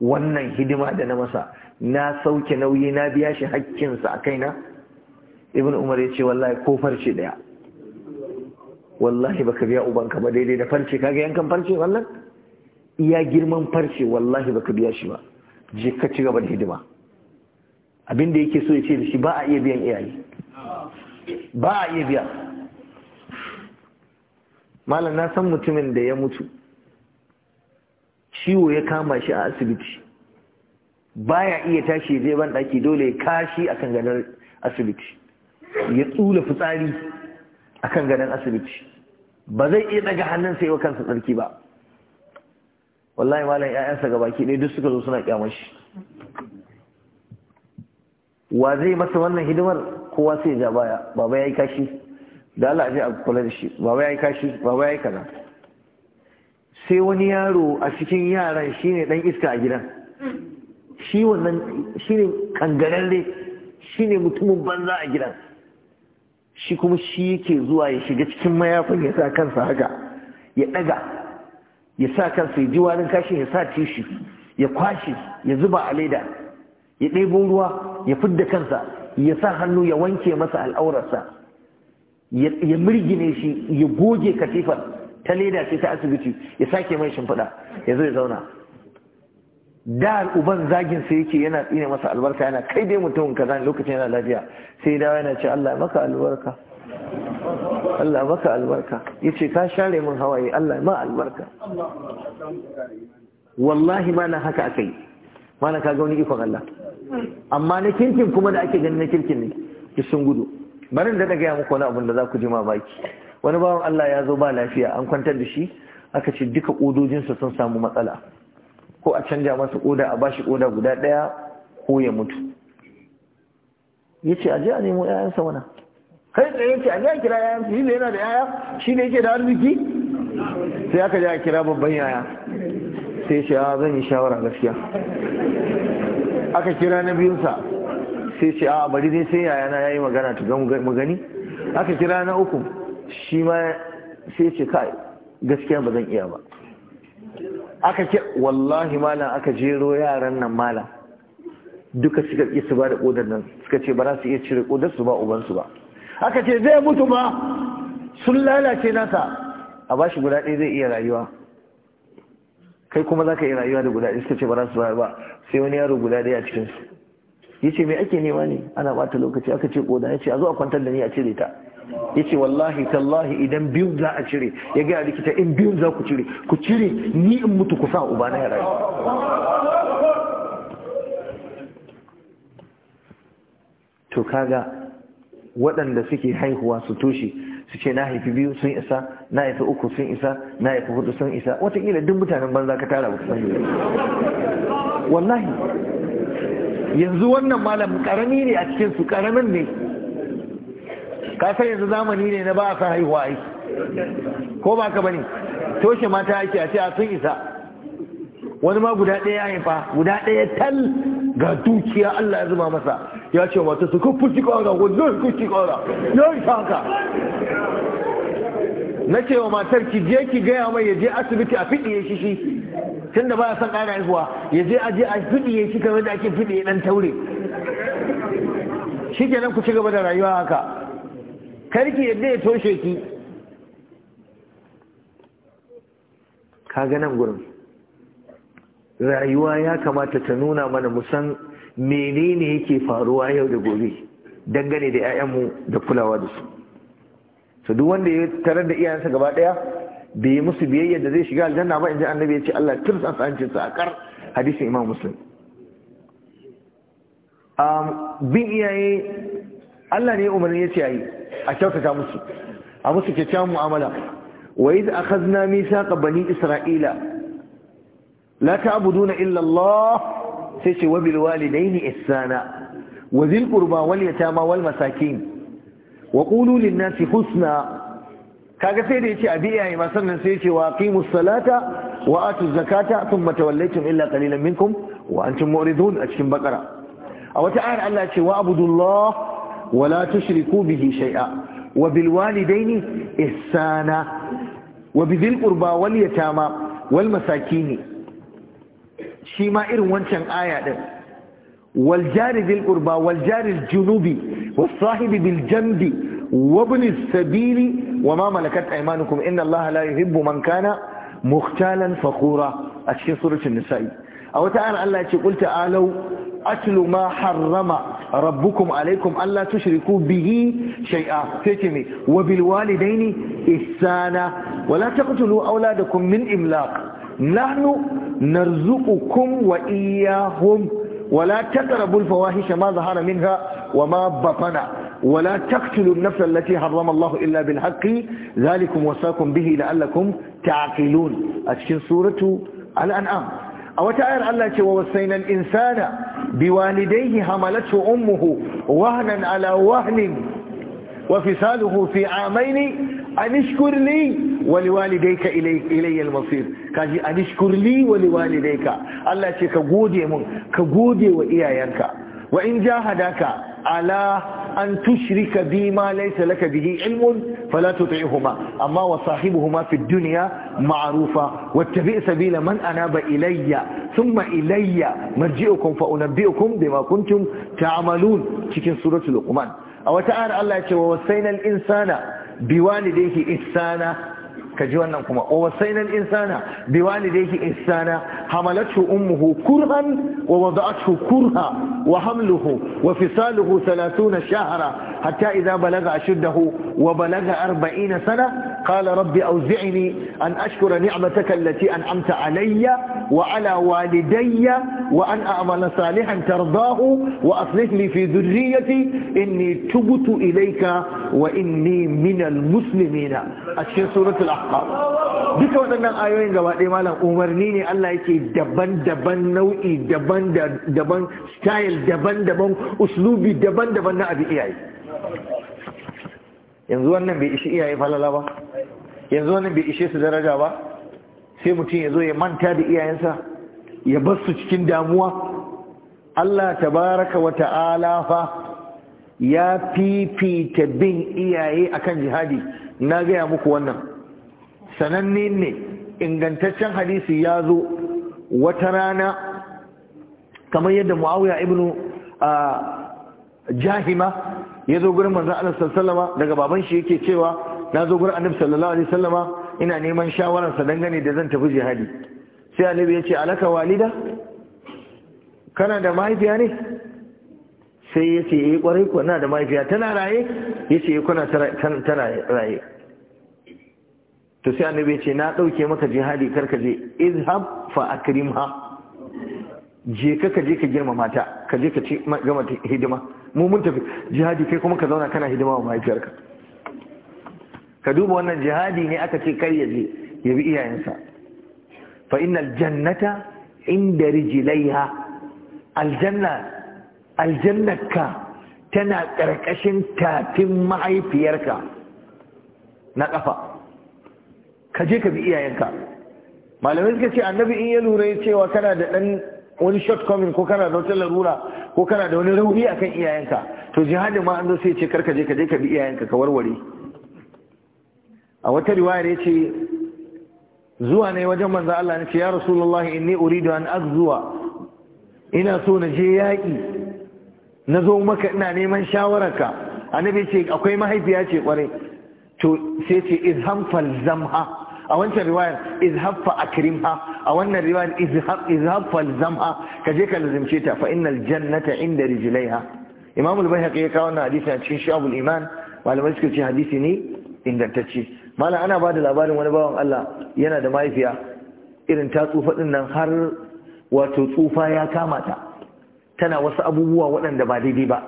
wannan hidima da na masa na sauke nauyi na biya shi hakkinsa a kaina ibn umar ya ce wallahi ko farce daya wallahi baka biya ubanka ba daidai da farce kaga yankan farce wannan iya girman farce wallahi baka biya shi ba je ka ci gaba da hidima abin da yake so ya ce da shi ba a iya biyan iyaye ba a iya biya malam na san mutumin da ya mutu ciwo ya kama shi a asibiti baya iya tashi zai ban daki dole kashi akan gadar asibiti ya tsula fitsari akan ganar asibiti ba zai iya daga hannun sai wa kansa tsarki ba wallahi malam ƴaƴansa gabaki ɗaya duk suka zo suna kyamar shi wa zai masa wannan hidimar kowa sai ya ja baya baba yayi kashi da Allah a kula da shi baba yayi kashi baba yayi kaza sai wani yaro a cikin yaran shine dan iska a gidan shi wannan shi ne shine shi ne mutumin banza a gidan shi kuma shi yake zuwa ya shiga cikin mayafin ya sa kansa haka ya ɗaga ya sa kansa ya ji warin kashin ya sa tishi ya kwashe ya zuba a leda ya ɗebo ruwa ya fidda kansa ya sa hannu ya wanke masa al'aurarsa ya mirgine shi ya goge katifar ta leda sai ta asibiti ya sake mai shimfiɗa ya zo ya zauna da uban zagin sa yake yana tsine masa albarka yana kai dai mutumin kaza lokacin yana lafiya sai dawo yana ce Allah maka albarka Allah maka albarka yace ka share min hawaye Allah ma albarka wallahi ma na haka akai ma na kaga wani ikon Allah amma na kirkin kuma da ake ganin na kirkin ne ki sun gudu barin da daga ya muku wani abin da za ku ji baki wani bawan Allah ya zo ba lafiya an kwantar da shi aka ce duka kodojinsa sun samu matsala ko a canja masa koda a bashi koda guda ɗaya ko ya mutu ya ce a je a nemo 'ya'yansa wana kai tsaye ya ce a je a kira 'ya'yansa shi ne yana da 'ya'ya shi ne yake da arziki sai aka je a kira babban yaya sai ce a zan yi shawara gaskiya aka kira na biyunsa sai ce a bari dai sai yayana ya yi magana ta mu gani aka kira na uku shi ma sai ce kai gaskiya ba zan iya ba aka ke wallahi malam aka jero yaran nan malam duka suka ƙi su ba da ƙodar nan suka ce ba za su iya cire ƙodar su ba ubansu ba aka ce zai mutu ba sun lalace nasa a bashi guda ɗaya zai iya rayuwa kai kuma za ka iya rayuwa da guda ɗaya suka ce ba za su ba sai wani yaro guda ɗaya a cikinsu yace me ake nema ne ana bata lokaci aka ce koda ce a zo a kwantar da ni a cire ta Ya ce wallahi tallahi idan biyun za a cire ya gaya likita in biyun za ku cire ku cire ni in mutu ku sa uba na rayu to kaga waɗanda suke haihuwa su toshe su ce na haifi biyu sun isa na haifi uku sun isa na haifi hudu sun isa watakila duk mutanen banza ka tara ba san wallahi yanzu wannan malam karami ne a cikin su karamin ne ka san yanzu zamani ne na ba a sa haihuwa ai ko ba ka bane toshe mata ake a ce a sun isa wani ma guda ɗaya ya haifa guda ɗaya tal ga dukiya Allah ya zuba masa ya ce mata su kufu ci kora ko zai kuci kora ya yi haka na ce wa matar ki je ki gaya mai ya je asibiti a fiɗiye shi shi tun da baya son ƙara haihuwa ya je a je a fiɗiye shi kamar da ake fiɗiye ɗan taure shi kenan ku ci gaba da rayuwa haka karki yadda ya toshe ki ka ga gurin rayuwa ya kamata ta nuna mana musan menene yake faruwa yau da gobe dangane da 'ya'yanmu da kulawa da su su duk wanda ya tarar da iyayensa gaba ɗaya bai musu biyayya da zai shiga aljanna ba ji annabi ya ce Allah tirsa tsancin sa akar hadisin imam muslim bin iyaye Allah ne umarni ya ce yayi a kyautata musu a musu kyakkyawan mu'amala wa iz akhadna mithaqa bani isra'ila la ta'buduna illa Allah sai ce wa bil walidayni ihsana wa zil qurba wal yatama wal masakin wa qulu lin nasi husna kaga sai da yace abi iyaye ma sannan sai yace wa aqimus salata wa atuz zakata thumma tawallaytum illa qalilan minkum wa antum mu'ridun a cikin bakara a wata ayar Allah ce wa abudullah wa la tushriku bihi shay'a wa bil walidaini ihsana wa bidhil qurba wal yatama wal masakin shi ma irin wancan aya din والجار ذي القربى والجار الجنوبي والصاحب بالجنب وابن السبيل وما ملكت ايمانكم ان الله لا يحب من كان مختالا فخورا اشكي سوره النساء او تعالى الله يقول قل تعالوا اتل ما حرم ربكم عليكم الا تشركوا به شيئا تتمي وبالوالدين احسانا ولا تقتلوا اولادكم من املاق نحن نرزقكم واياهم ولا تقربوا الفواحش ما ظهر منها وما بطن ولا تقتلوا النفس التي حرم الله إلا بالحق ذلكم وصاكم به لعلكم تعقلون أتشين سورة الأنعام أو تعالى الله ووصينا الإنسان بوالديه حملته أمه وهنا على وهن وفصاله في عامين أن اشكر لي ka ilayya al-masir kaji anishkurli ka. Allah ce ka gode mun ka gode wa iyayenka wa in jahadaka ala an ka bi ma laysa laka bihi ilmun fala huma. amma wa sahibuhuma fi dunya ma'rufa wattabi' sabila man ba ilayya thumma ilayya marji'ukum fa unabbi'ukum bima kuntum ta'malun cikin suratul luqman a wata ayar Allah ce wa wasainal insana biwalidayhi ihsana ka ji wannan kuma wa wasainal insana bi walidayhi insana hamalathu ummuhu kurhan wa wada'athu kurha wa hamluhu wa fisaluhu 30 shahra hatta idza balaga ashuddahu wa balaga 40 sana قال رب أوزعني أن أشكر نعمتك التي أنعمت علي وعلى والدي وأن أعمل صالحا ترضاه وأصلح لي في ذريتي إني تبت إليك وإني من المسلمين cikin سورة الأحقاب duka waɗannan ayoyin gaba ɗaya umarni ne Allah yake daban-daban nau'i daban style daban-daban uslubi daban-daban na abu yanzu wannan bai ishi iyaye falala ba yanzu wannan bai ishe su daraja ba sai mutum ya zo ya manta da iyayensa ya bar su cikin damuwa Allah tabaraka wa ta'ala fa ya fifita bin iyaye akan jihadi na gaya muku wannan sananne ne ingantaccen hadisi ya zo wata rana kamar yadda muawiya ibnu ah, jahima ya zo gurin manzan Allah sallallahu daga baban shi yake cewa na zo gurin annabi sallallahu alaihi wasallama ina neman sa dangane da zan tafi jihadi sai annabi ya ce alaka walida kana da mahaifiya ne sai ya ce yi eh, kwarai ko na da mahaifiya tana raye ya ce eh, kuna tana raye to sai annabi ya ce na dauke maka jihadi karka je izhab fa akrimha je ka ka je ka girmama ta ka je ka ci gama hidima mu mun tafi jihadi kai kuma ka zauna kana hidima wa mahaifiyarka ka duba wannan jihadi ne aka ce kar ya je ya bi iyayensa fa innal jannata inda rijlaiha aljanna aljannaka tana karkashin tafin mahaifiyarka na kafa ka je ka bi iyayenka malamai suka ce annabi in ya lura ya cewa kana da dan wani shortcoming ko kana da wata larura ko kana da wani rauni akan iyayenka to jihadin ma an zo sai ce karka je ka je ka bi iyayenka ka warware a wata riwaya ne ce zuwa ne wajen manzo Allah ne ce ya rasulullahi inni uridu an azwa ina so na je yaƙi na zo maka ina neman shawararka annabi ce akwai mahaifiya ce kwarai to sai ce izham zamha a wancan riwayar izhaffa akrimha a wannan riwayar izhab izhab zama ka je ka lazimce ta fa innal jannata inda rijlaiha imam al-baihaqi ya kawo wannan hadisi a cikin shabul iman malamai suka ce hadisi ne ingantacce malam ana ba da labarin wani bawan Allah yana da mahaifiya irin ta tsufa din nan har wato tsufa ya kama ta tana wasu abubuwa waɗanda ba daidai ba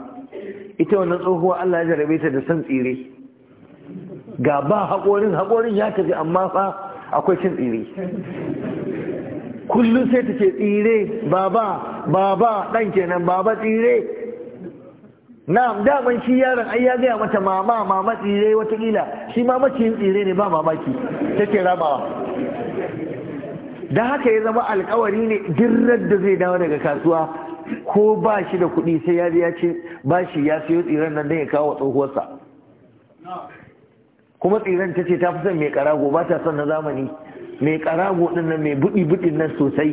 ita wannan tsohuwa Allah ya jarabe ta da san tsire ga ba haƙorin haƙorin ya tafi amma fa akwai cin tsire kullum sai ta ce tsire baba baba ɗan kenan baba tsire na daman shi yaron ai ya gaya mata mama mama tsire watakila shi ma maciyin tsire ne ba mamaki ke rabawa da haka ya zama alkawari ne dirrar da zai dawo daga kasuwa ko ba shi da kuɗi sai ya ya ce ba shi ya siyo tsiren nan don ya kawo tsohuwarsa kuma tsiren ta ce ta fi son mai karago ba ta son na zamani mai karago din nan mai buɗi-buɗin nan sosai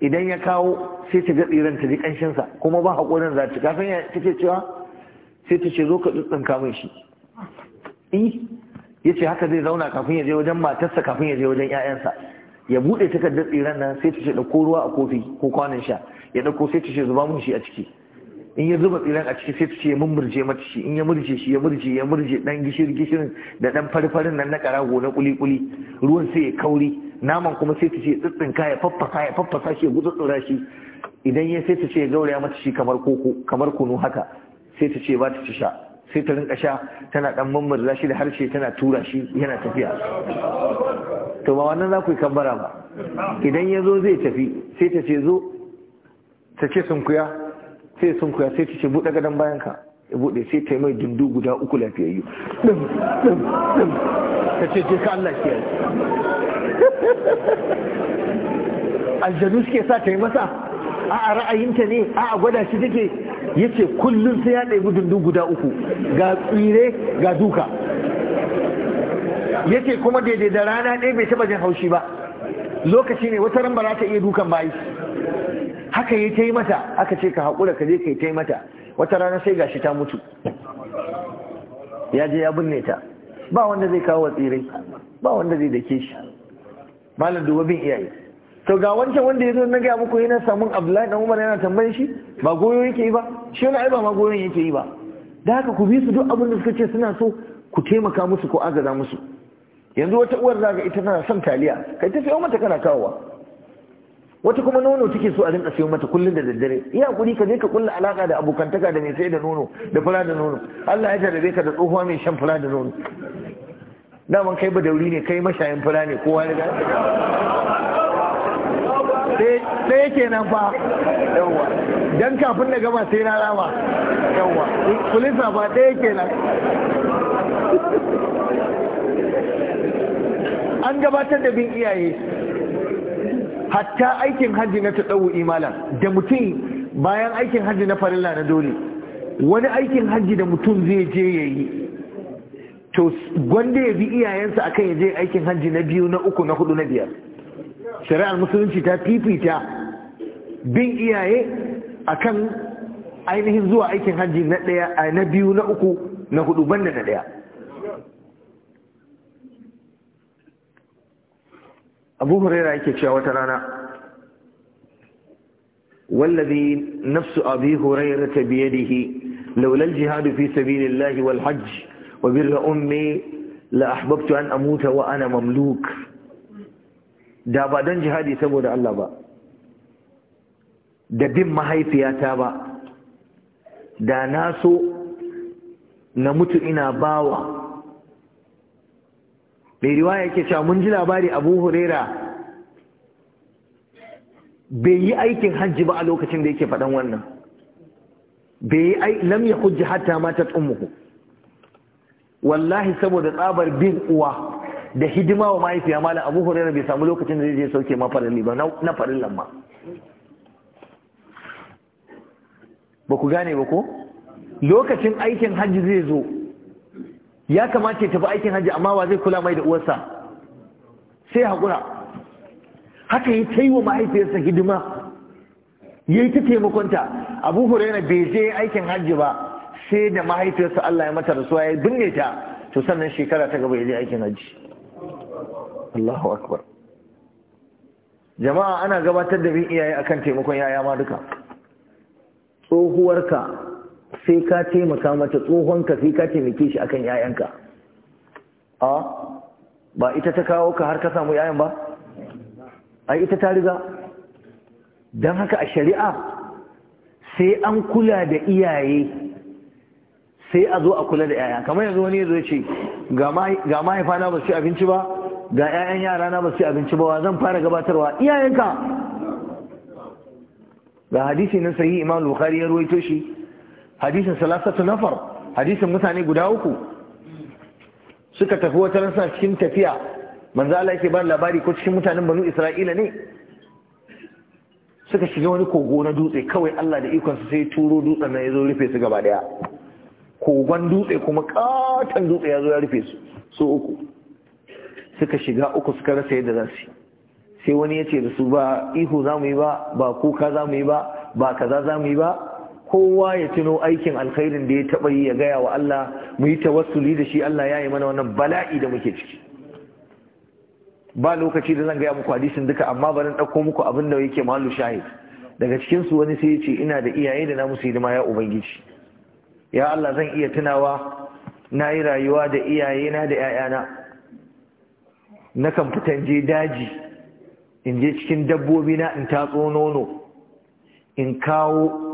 idan ya kawo sai ta ga tsiran ta ji kanshinsa kuma ba haƙorin za ta kafin ya take cewa sai ta ce zo ka tsitsinka min shi e, ya ce haka zai zauna kafin ya je wajen matarsa kafin ya je wajen 'ya'yansa ya buɗe takardar tsiran nan sai ta ce ɗauko ruwa a kofi ko kwanan sha ya ɗauko sai ta ce zuba mun shi a ciki in ya zuba tsiran a cikin sai ya mummurje mata shi in ya murje shi ya murje ya murje dan gishiri gishirin da dan farfarin nan na karago na kuli kuli ruwan sai ya kauri naman kuma sai ta ce ka ya faffasa ya faffasa shi ya gutsutsura shi idan ya sai ta ce ya gauraya mata shi kamar koko kamar kunu haka sai ta ce ba ta ci sha sai ta rinka sha tana dan mummurza shi da harshe tana tura shi yana tafiya to ba wannan za ku yi kambara ba idan ya zo zai tafi sai ta ce zo ta ce sunkuya sai sun kuya sai ta ce buɗe gadon bayan ka ya buɗe sai ta yi mai dundu guda uku lafiyayyu ta ce je ka Allah kiyaye aljanu suke sa ta yi masa a a ra'ayinta ne a a gwada shi take ya ce kullum sai ya ɗaibi dundu guda uku ga tsire ga duka ya ce kuma daidai da rana ɗaya bai taɓa jin haushi ba lokaci ne wata ran ba za ta iya dukan bayi haka yi ta yi mata aka ce ka haƙura ka je ka yi ta yi mata wata rana sai gashi ta mutu ya je ya binne ta ba wanda zai kawo tsirai ba wanda zai dake shi malam duba bin iyaye to ga wancan wanda ya zo na gaya muku yana samun abdullahi dan umar yana tambayar shi ba goyo yake yi ba shi wani ai ba ma goyon yake yi ba da haka ku bi su duk abin da suka ce suna so ku taimaka musu ko agaza musu yanzu wata uwar zaga ita tana son taliya kai ta yau mata kana kawowa wata kuma nono take so a rinka siyo mata kullum da daddare iya kuri ka je ka kulla alaka da abokantaka da mai sai da nono da fura da nono Allah ya jarabe ka da tsohuwa mai shan fura da nono daman kai badauri ne kai mashayin fura ne kowa ya ga sai yake nan fa yawwa dan kafin na gama sai na rama yawwa kulisa ba ɗaya kenan an gabatar da bin iyaye hatta aikin hajji na taɗau imala da mutum bayan aikin hajji na farilla na dole wani aikin hajji da mutum zai je ya yi to gwanda ya bi iyayensa akan ya je aikin hajji na biyu na uku na hudu na biyar shari'ar musulunci ta fifita bin iyaye a kan ainihin zuwa aikin hajji na biyu na uku na hudu banda na ɗaya abu huraira yake cewa wata rana wallazi nafsu abi ta biye da laulal jihadu fi sabi walhajji. wal hajj wa bin an amuta wa ana mamluk da ba don jihadi saboda Allah ba da bin mahaifiyata ba da na so na mutu ina bawa mai riwaya yake cewa mun ji labari abu huraira bai yi aikin hajji ba a lokacin da yake faɗan wannan bai yi lam ya hujji hatta mata tsummuhu wallahi saboda tsabar bin uwa da hidima wa mahaifiya mala abu huraira bai samu lokacin da zai je sauke ma faralli ba na farin lamma, ba ku gane ba ko lokacin aikin hajji zai zo ya kamata ya tafi aikin hajji amma wa zai kula mai da uwarsa sai haƙura haka ya ta yi wa mahaifiyarsa hidima ya yi ta taimakonta abu huraira bai je aikin hajji ba sai da mahaifiyarsa allah ya mata da rasuwa ya binne ta to sannan shekara ta gaba ya je aikin hajji allahu akbar jama'a ana gabatar da bin iyaye akan taimakon yaya ma duka tsohuwarka sai ka taimaka mata ka sai ka taimake shi akan 'ya'yanka a ba ita ta kawo ka har ka samu 'ya'yan ba ai ita ta riga don haka a shari'a sai an kula da iyaye sai a zo a kula da 'ya'ya kamar yanzu wani ya ce ga mahaifa na ba su abinci ba ga 'ya'yan yara na ba su abinci ba zan fara gabatarwa iyayenka ga hadisi na sahihi imam bukhari ya ruwaito shi hadisin salasatu nafar hadisin mutane guda uku suka tafi wata ransa cikin tafiya manzo Allah yake ba labari ko cikin mutanen banu Isra'ila ne suka shiga wani kogo na dutse kawai Allah da ikonsa sai turo dutsen nan ya zo rufe su gaba daya kogon dutse kuma katon dutse ya zo ya rufe su so uku suka shiga uku suka rasa yadda za su sai wani ya ce da su ba ihu za mu yi ba ba kuka za mu yi ba ba kaza za mu yi ba kowa ya tuno aikin alkhairin da ya taba yi ya gaya wa Allah mu yi tawassuli da shi Allah ya yi mana wannan bala'i da muke ciki ba lokaci da zan gaya muku hadisin duka amma ba nan dauko muku abin da yake mahallu shahid daga cikin su wani sai ya ce ina da iyaye da na musu hidima ya ubangiji ya Allah zan iya tunawa na yi rayuwa da iyayena da 'ya'yana na kan fitan je daji in je cikin dabbobi na in tatso nono in kawo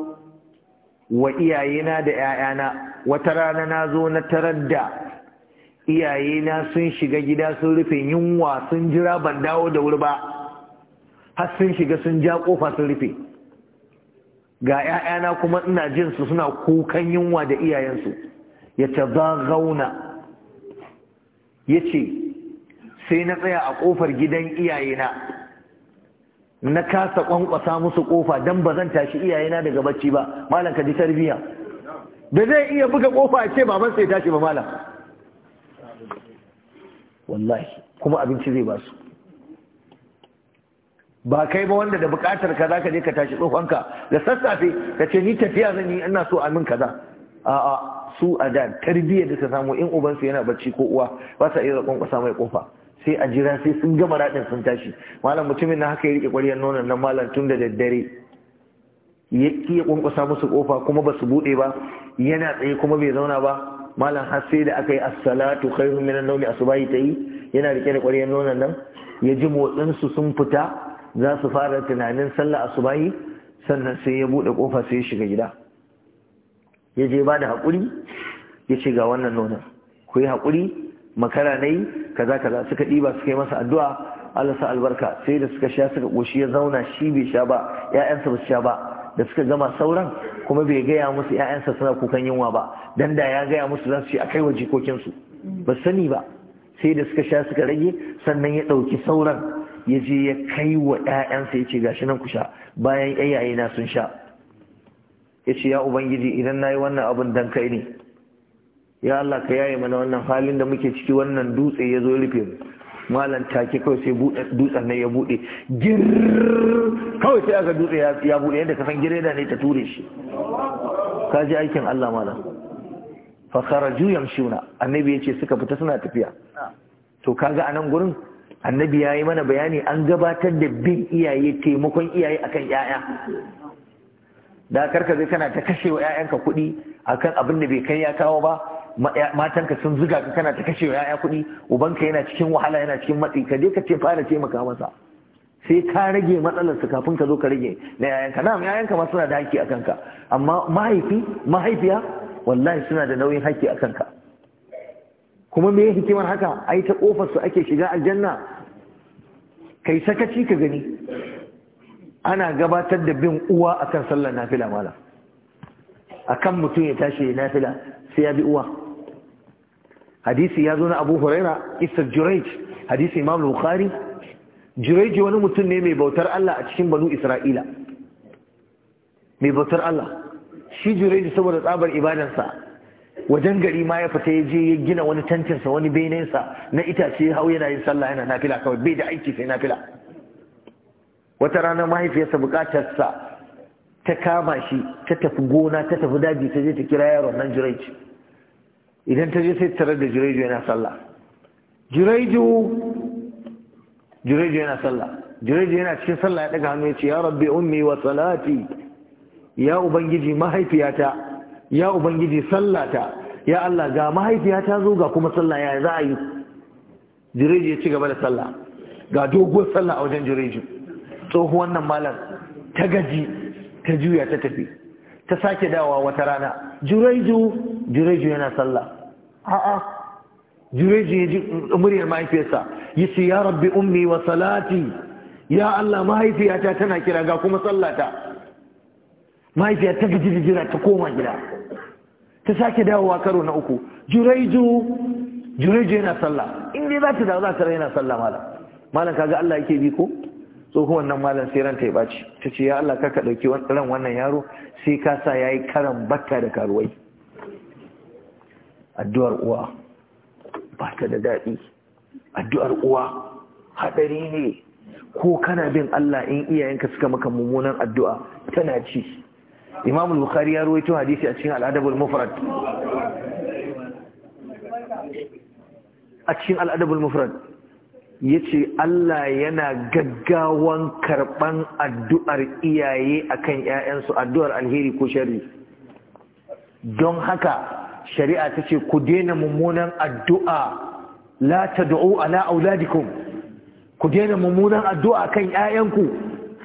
wa iyayena da ‘ya'yana wata rana na zo na tarar da iyayena sun shiga gida sun rufe yunwa sun jira ban dawo da wuri ba har sun shiga sun ja kofa sun rufe ga ‘ya'yana kuma ina jinsu suna kukan yunwa da iyayensu ya ta zauna ya ce sai na tsaya a ƙofar gidan iyayena na kasa kwankwasa musu kofa dan ba zan tashi iyayena daga bacci ba malam ka ji tarbiya da zai iya buga kofa a ce baban sai tashi ba malam wallahi kuma abinci zai basu ba kai ba wanda da bukatar ka zaka je ka tashi tsofanka da sassafe ka ce ni tafiya zan yi ina so a min kaza a'a su a da tarbiyyar da ta samu in ubansu yana bacci ko uwa ba sa iya zaƙon ƙasa mai ƙofa sai a jira sai sun gama raɗin sun tashi malam mutumin na haka ya riƙe ƙwaryar nonon nan malam tun da daddare ya ya ƙwanƙwasa musu ƙofa kuma ba su buɗe ba yana tsaye kuma bai zauna ba malam har sai da aka yi assalatu khairun minan nawmi asubahi ta yi yana riƙe da ƙwaryar nonon nan ya ji motsin su sun fita za su fara tunanin sallah asubahi sannan sai ya buɗe ƙofa sai ya shiga gida ya je ba da haƙuri ya ce ga wannan nonon ku yi haƙuri makara na yi kaza kaza suka ɗiba suka yi masa addu'a Allah sa albarka sai da suka sha suka ƙoshi ya zauna shi bai sha ba ‘ya'yansa ba su sha ba da suka gama sauran kuma bai gaya musu ‘ya'yansa suna kukan yunwa ba dan da ya gaya musu za su ce a kai wa jikokinsu ba sani ba sai da suka sha suka rage sannan ya ɗauki sauran ya je ya kai wa ‘ya'yansa ya ce gashi nan ku sha bayan ‘yayaye na sun sha ya ce ya ubangiji idan na yi wannan abin dan kai ne ya Allah ka yaye mana wannan halin da muke ciki wannan dutse ya zo rufe mu malam take kawai sai dutsen nan ya bude gir kawai sai aka dutse ya bude yadda ka san gireda ne ta ture shi ka ji aikin Allah malam fa kharaju yamshuna annabi yace suka fita suna tafiya to kaga anan gurin annabi yayi mana bayani an gabatar da bin iyaye taimakon iyaye akan yaya da karka zai kana ta kashewa 'ya'yanka kuɗi akan abin da bai kai ya kawo ba matanka sun zuga ka kana ta kashe wa ya'ya kuɗi ubanka yana cikin wahala yana cikin matsi ka je ka ce fara taimaka masa sai ka rage matsalar matsalarsa kafin ka zo ka rage na yayan yayanka Yayan ka ma suna da haƙƙi akan ka. amma mahaifi mahaifiya wallahi suna da nauyin haƙƙi akan ka. kuma me hikimar haka ai ta kofar su ake shiga aljanna kai sakaci ka gani ana gabatar da bin uwa akan sallar nafila mala akan mutum ya tashi ya nafila sai ya bi uwa hadisi ya zo na abu huraira isar juraj hadisi imam bukhari juraj wani mutum ne mai bautar Allah a cikin banu isra'ila mai bautar Allah shi juraj saboda tsabar ibadansa wajen gari ma ya fita ya je ya gina wani tantinsa wani benensa na itace hau yana yin sallah yana nafila kawai bai da aiki sai nafila wata rana mahaifiyarsa bukatarsa ta kama shi ta tafi gona ta tafi daji ta je ta kira yaron nan juraj idan ta je sai tarar da jiraiju yana sallah jiraiju jiraiju yana sallah jiraiju yana cikin sallah ya daga hannu ya ce ya rabbi ummi wa salati ya ubangiji mahaifiyata ya ubangiji sallata ya Allah ga mahaifiyata zo ga kuma sallah ya za a yi jiraiju ya ci gaba da sallah ga doguwar sallah a wajen jireji tsohuwan nan malam ta gaji ta juya ta tafi ta sake dawa wata rana jureju jureju yana sallah a'a jureju ya ji muryar mahaifiyarsa ya ce ya rabbi ummi wa salati ya Allah mahaifiyata tana kira ga kuma sallata Mahaifiyar ta gaji da jira ta koma gida ta sake dawowa karo na uku jureju jureju yana sallah in dai za ta dawo za ta yana sallah malam malam kaga Allah yake bi ko tsohuwan nan malam sai ranta ya baci ta ce ya Allah kaka ɗauki ran wannan yaro sai ka sa ya yi karan batta da karuwai addu'ar uwa ba ta da daɗi addu'ar uwa haɗari ne ko kana bin Allah in iyayenka suka maka mummunan addu'a tana ci imam bukhari ya ruwaito hadisi a cikin al'adabul mufrad a cikin al'adabul mufrad ya ce Allah yana gaggawan karɓan addu'ar iyaye a kan ‘ya'yansu addu'ar alheri ko shari don haka shari'a ta ce ku daina mummunan addu'a la ta da'o ala auladikum ku daina mummunan addu'a kan ‘ya'yanku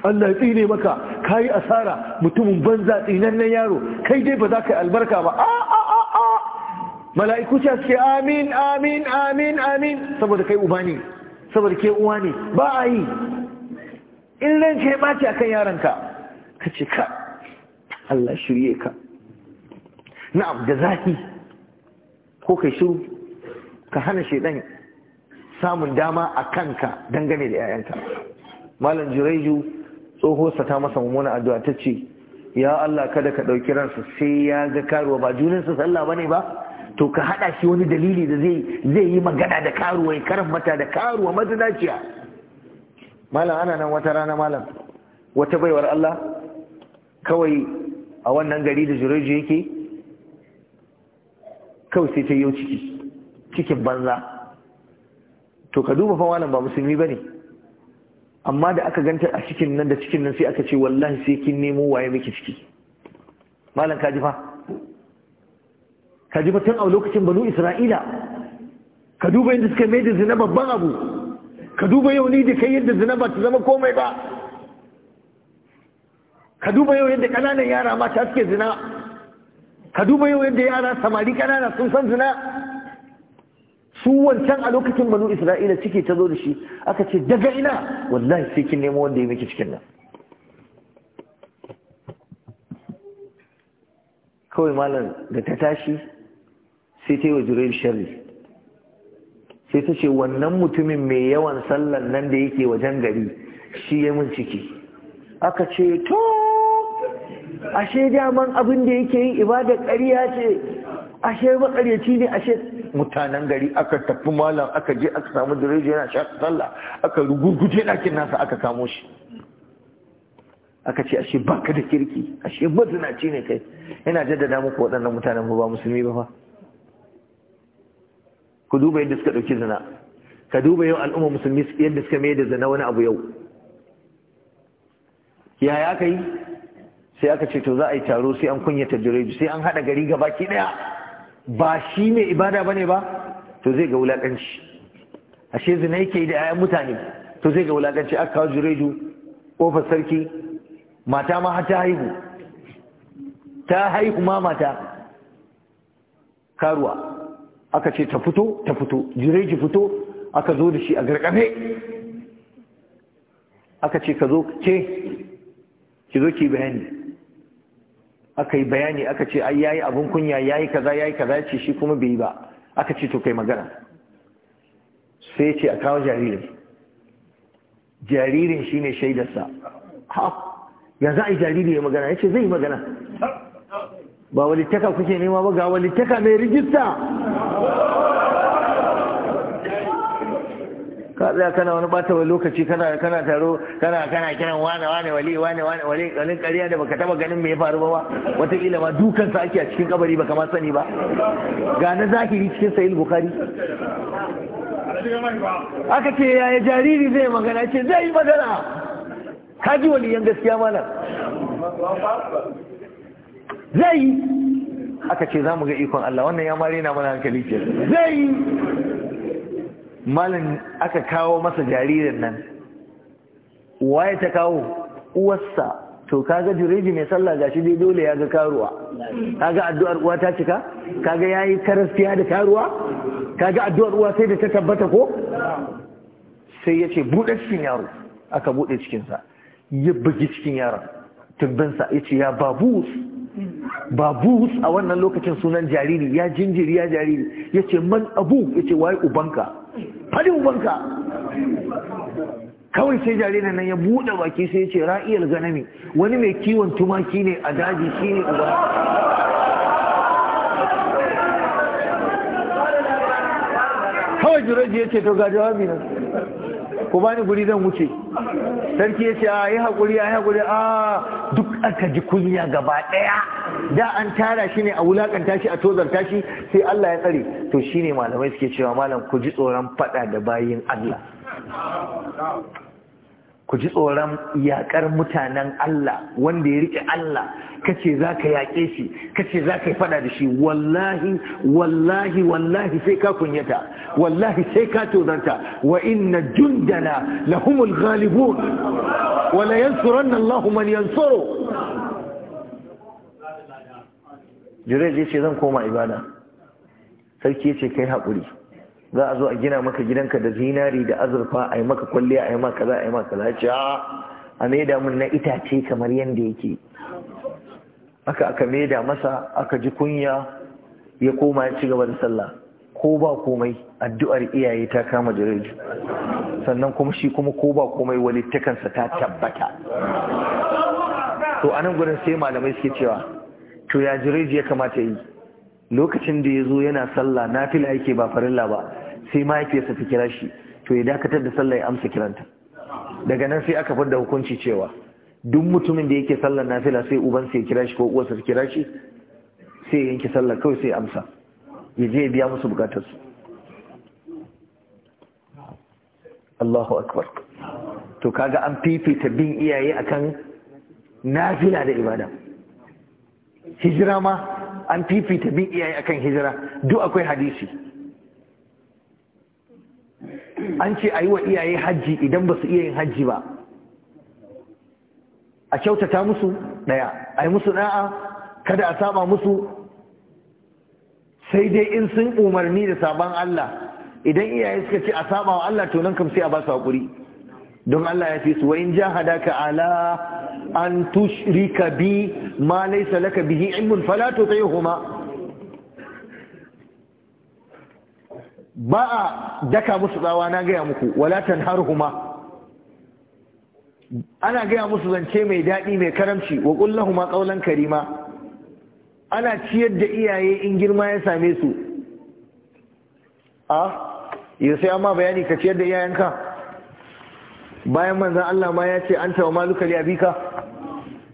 Allah tsine maka ka yi asara mutumin banza tsinannen yaro kai dai ba za ka yi albarka ba a a a mala'iku ce amin amin amin amin saboda kai uba saboda ke uwa ne ba a yi in ranka ya ɓaci akan yaranka ka ce ka Allah shirye ka na'am da zafi ko kai shiru ka hana shaidan samun dama a kanka dangane da 'ya'yanka malam jiraiju tsohosa ta masa mummuna addu'a ta ce ya Allah kada ka ɗauki ransa sai ya ga karuwa ba junansa sallah ba ne ba to ka haɗa shi wani dalili da zai zai yi magana da karuwa ya karan mata da karuwa mazinaciya malam ana nan wata rana malam wata baiwar Allah kawai a wannan gari da jureji yake kawai sai ta yi ciki cikin banza to ka duba fa malam ba musulmi bane amma da aka ganta a cikin nan da cikin nan sai aka ce wallahi sai kin nemo waye miki ciki malam ka ji fa ka ji mutum a lokacin banu isra'ila ka duba yadda suka mai da zina babban abu ka duba yau ni da kai yadda zina ba ta zama komai ba ka duba yau yadda ƙananan yara mata suke zina ka duba yau yadda yara samari ƙanana sun san zina su wancan a lokacin banu isra'ila ciki ta zo da shi aka ce daga ina wallahi sai kin nemo wanda ya miki cikin nan kawai malam da ta tashi sai ta yi wa jibril shari sai ta ce wannan mutumin mai yawan sallan nan da yake wajen gari shi ya mun ciki aka ce to ashe daman abin da yake yi ibada ƙarya ce ashe makaryaci ne ashe mutanen gari aka tafi malam aka je aka samu direji yana sha sallah aka rugurguje ɗakin nasa aka kamo shi aka ce ashe baka da kirki ashe mazinaci ne kai yana jaddada muku waɗannan mutanen ba musulmi ba fa ku duba yadda suka ɗauki zina ka duba yau al'umma musulmi yadda suka mai da zina wani abu yau ya ka yi sai aka ce to za a yi taro sai an kunyata jireji sai an haɗa gari ga baki ɗaya ba shi mai ibada ba ne ba to zai ga wulaƙanci ashe zina yake yi da 'ya'yan mutane to zai ga wulaƙanci aka kawo jireju ƙofar sarki mata ma ta haihu ta haihu ma mata karuwa aka ce ta fito ta fito jireji fito aka zo da shi a gargafe aka ce ka zo ce ki zo ki bayani aka yi bayani aka ce ai yayi abun kunya yayi kaza yayi kaza ce shi kuma bai yi ba aka ce to kai magana sai ce a kawo jaririn jaririn shine shaidarsa ha ya za a yi jariri ya magana ya ce zai yi magana ba walittaka kuke nema ba ga walittaka mai rijista ka tsaya kana wani bata wani lokaci kana kana taro kana kana kiran wane wane wali wane wane wali wani ƙarya da baka taba ganin me ya faru ba ba wataƙila ma dukan sa ake a cikin kabari baka ma sani ba ga na zahiri cikin sahih bukhari aka ce yaya jariri zai magana ce zai yi magana ka ji wani 'yan gaskiya malam zai yi. aka ce za mu ga ikon Allah wannan ya mare na mana hankali ce zai yi. malin aka kawo masa jaririn nan waye ta kawo uwarsa to kaga jureji mai sallah gashi dai dole ya ga karuwa kaga addu'ar uwa ta cika kaga yayi karaskiya da karuwa kaga addu'ar uwa sai da ta tabbata ko sai yace bude cikin yaro aka bude cikin sa ya bugi cikin yaron tumbin sa yace ya babus babus a wannan lokacin sunan jariri ya jinjiri ya jariri yace man abu yace wai ubanka fadi ubanka kawai sai jaririn nan ya buɗe baki sai ya ce ra'iyar ganami wani mai kiwon tumaki ne a daji shi ne uba kawai jiraji ya to ga jawabi nan ko bani guri zan wuce sarki ya ce a yi haƙuri a yi haƙuri a duk aka ji kunya gaba ɗaya da an tara shi ne a wulaƙanta shi a tozarta shi sai Allah ya tsare to shine malamai suke cewa malam ku ji tsoron faɗa da bayin Allah ku ji tsoron yakar mutanen Allah wanda ya riƙe Allah kace za ka yaƙe shi kace za ka yi fada da shi wallahi wallahi wallahi sai ka kunyata wallahi sai ka tozarta wa inna jundana lahumul ghalibun wa la yansuranna Allah man yansuru Jirai ce zan koma ibada sarki ce kai haƙuri za a zo a gina maka gidanka da zinari da azurfa a yi maka kwalliya a yi maka za a yi maka za a maida mun na itace kamar yadda yake aka aka maida masa aka ji kunya ya koma ya ci gaba da sallah ko ba komai addu'ar iyaye ta kama jirage sannan kuma shi kuma ko ba komai wani takansa ta tabbata to anan gudun sai malamai suke cewa to ya jirage ya kamata yi lokacin da ya zo yana sallah na fila yake ba farilla ba sai mahaifiyarsa ta kira shi to ya dakatar da sallah ya amsa kiranta daga nan sai aka fadda hukunci cewa duk mutumin da yake sallar nafila sai ubansa ya kira shi ko uwarsa ta kira shi sai ya yanke sallar kawai sai ya amsa ya je ya biya musu bukatarsu Allahu akbar to kaga an fifita bin iyaye akan nafila da ibada hijira ma an fifita bin iyaye akan hijira duk akwai hadisi an ce a yi wa iyaye hajji idan ba su iya yin hajji ba a kyautata musu ɗaya a yi musu ɗa'a kada a saba musu sai dai in sun umarni da sabon Allah idan iyaye suka ce a saba wa Allah to kam sai a ba su haƙuri don Allah ya fi su wa in ka ala an tushrika bi ma laisa laka bihi ilmun fala huma ba a daka musu tsawa na gaya muku walatan har huma. ana gaya musu zance mai daɗi mai karamci wa kullahuma kaulan karima ana ciyar da iyaye in girma ya same su a ah, yau amma bayani ka ciyar da iyayenka bayan manzan Allah ma ya ce an tawa malukali abika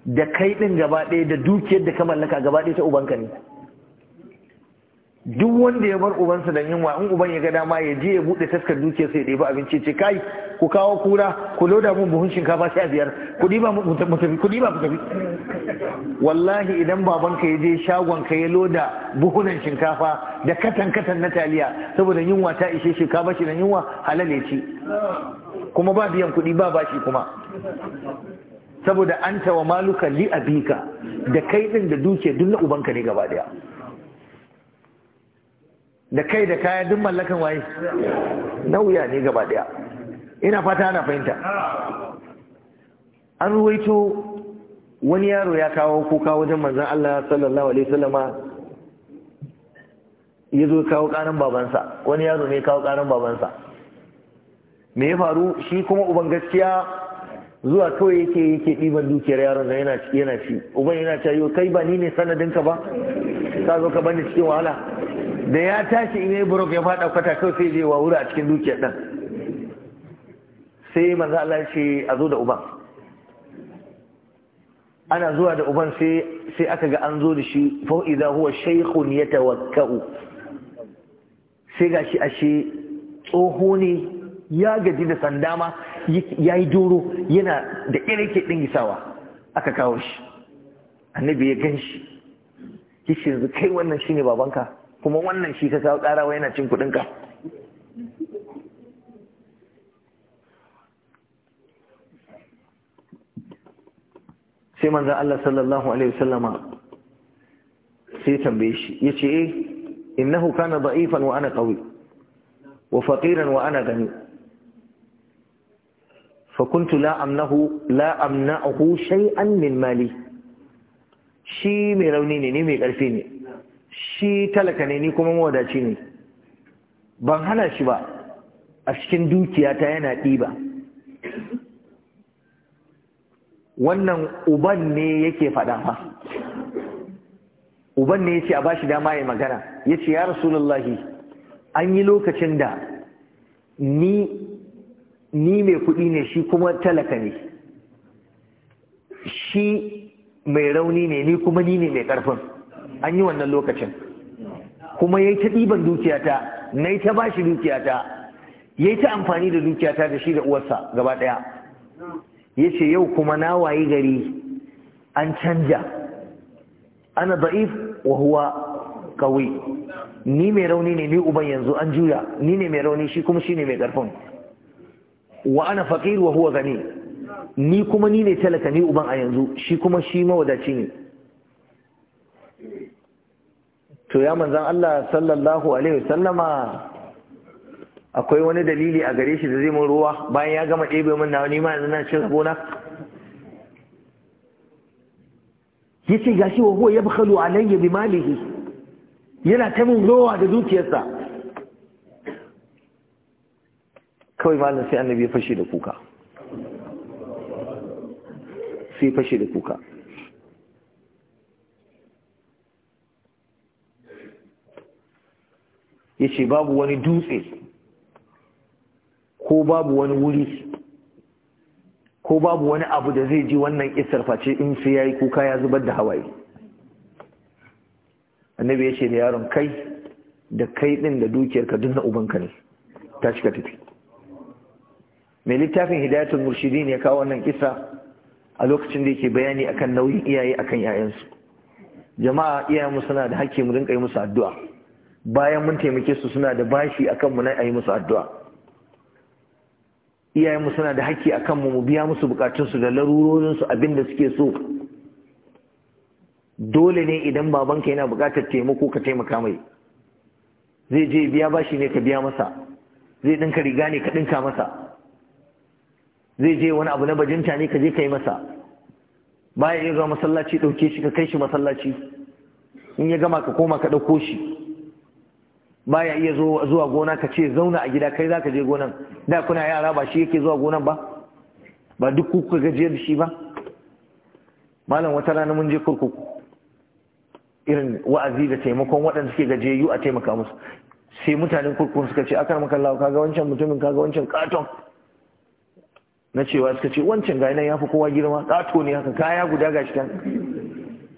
da kai ɗin gaba da dukiyar da ka mallaka gaba ɗaya ta ubanka ne duk wanda ya bar ubansa da yunwa in uban ya ga dama ya je ya bude taskar dukiyar sai ya ɗebi abinci ce kai ku kawo kura ku loda mun buhun shinkafa a biyar ku ɗiba mu tafi ku tafi wallahi idan babanka ya je shagon ka ya loda buhunan shinkafa da katan katan na taliya saboda yunwa ta ishe shi ka bashi da yunwa halal ya ci kuma ba biyan kuɗi ba bashi kuma saboda anta wa maluka li abika da kai din da dukiyar duk na ubanka ne gaba daya da kai da kayan duk mallakan waye wuya ne gaba daya ina fata ana fahimta an ruwaito wani yaro ya kawo kuka wajen manzan Allah sallallahu alaihi wasallama ya zo kawo karin babansa wani yaro ne kawo karin babansa me ya faru shi kuma uban gaskiya zuwa kawai yake yake ɗiban dukiyar yaron da yana ci yana ci uban kai ba ni ne sanadinka ba ka zo ka bani cikin wahala da ya tashi in yi buruk ya fada kwata kawai sai wa wuri a cikin dukiyar ɗan sai maza Allah ya ce a zo da uban ana zuwa da uban sai sai aka ga an zo da shi fa idza huwa shaykhun yatawakkau sai gashi ashe tsoho ne ya gaji da sandama yi doro yana da ke din gisawa aka kawo shi annabi ya ganshi shi yanzu kai wannan shine babanka kuma wannan shi ka kawo ƙarawa yana cin kuɗinka sai manzan Allah sallallahu Alaihi wasallama sai tambaye shi ya ce eh innahu kana da'ifan wa ana qawi wa faqiran wa ana gani fa kuntu la amnahu la min mali shi mai rauni ne ni mai ƙarfi ne shi talaka ne ni kuma mawadaci ne ban hana shi ba a cikin dukiyata yana ɗiba wannan uban ne yake faɗa fa uban ne ya ce a ba shi dama ya magana Ya ce ya rasulullahi an yi lokacin da ni ni mai kuɗi ne shi kuma talaka ne shi mai rauni ne ni kuma ni ne mai ƙarfin an yi wannan lokacin kuma ya yi ta ɗiban dukiyata na yi ta shi dukiyata ya yi ta amfani da dukiyata da shi da uwarsa gaba ɗaya ya ce yau kuma na wayi gari an canja ana ba'if wa huwa kawai ni mai rauni ne ni uban yanzu an juya ni ne mai rauni shi kuma shi ne mai ƙarfin wa ana faƙir wa huwa gani ni kuma ni ne talaka ni uban a yanzu shi kuma shi mawadaci ne to ya manzan Allah sallallahu alaihi wasallama akwai wani dalili a gare shi da zai mun ruwa bayan ya gama ɗebe min nawa nima yanzu na cin gona Ya ce wa huwa yabkhalu ya bi malihi yana ta min rowa da dukiyarsa kawai malam sai annabi ya fashe da kuka sai fashe da kuka yace babu wani dutse ko babu wani wuri ko babu wani abu da zai ji wannan isar face in sai yi kuka ya zubar da hawaye annabi ya ce da yaron kai da kai din da dukiyar kaduna ubanka ne ta ka tafi mai littafin murshidi ne ya kawo wannan kisa a lokacin da yake bayani akan nauyin iyaye akan 'ya'yansu jama'a iyayenmu suna da hakki mu rinka yi musu addu'a bayan mun taimake su suna da bashi a kanmu na a yi musu addu'a iyayenmu suna da haƙƙi a kanmu mu biya musu bukatunsu da larurorinsu abin da suke so dole ne idan babanka yana buƙatar taimako ka taimaka mai zai je biya bashi ne ka biya masa zai ɗinka riga ne ka ɗinka masa zai je wani abu na bajinta ne ka je ka yi masa baya yin zuwa masallaci ɗauke shi ka kai shi masallaci in ya gama ka koma ka ɗauko shi baya iya zuwa gona ka ce zauna a gida kai za ka je gonan da kuna yara ba shi yake zuwa gonan ba ba duk kuka gajiyar da shi ba malam wata rana mun je kurkuku irin wa'azi da taimakon waɗanda suke gajiyayyu a taimaka musu sai mutanen kurkukun suka ce akar maka lawa kaga wancan mutumin kaga wancan katon na cewa suka ce wancan ga nan fi kowa girma kato ne haka kaya guda gashi kan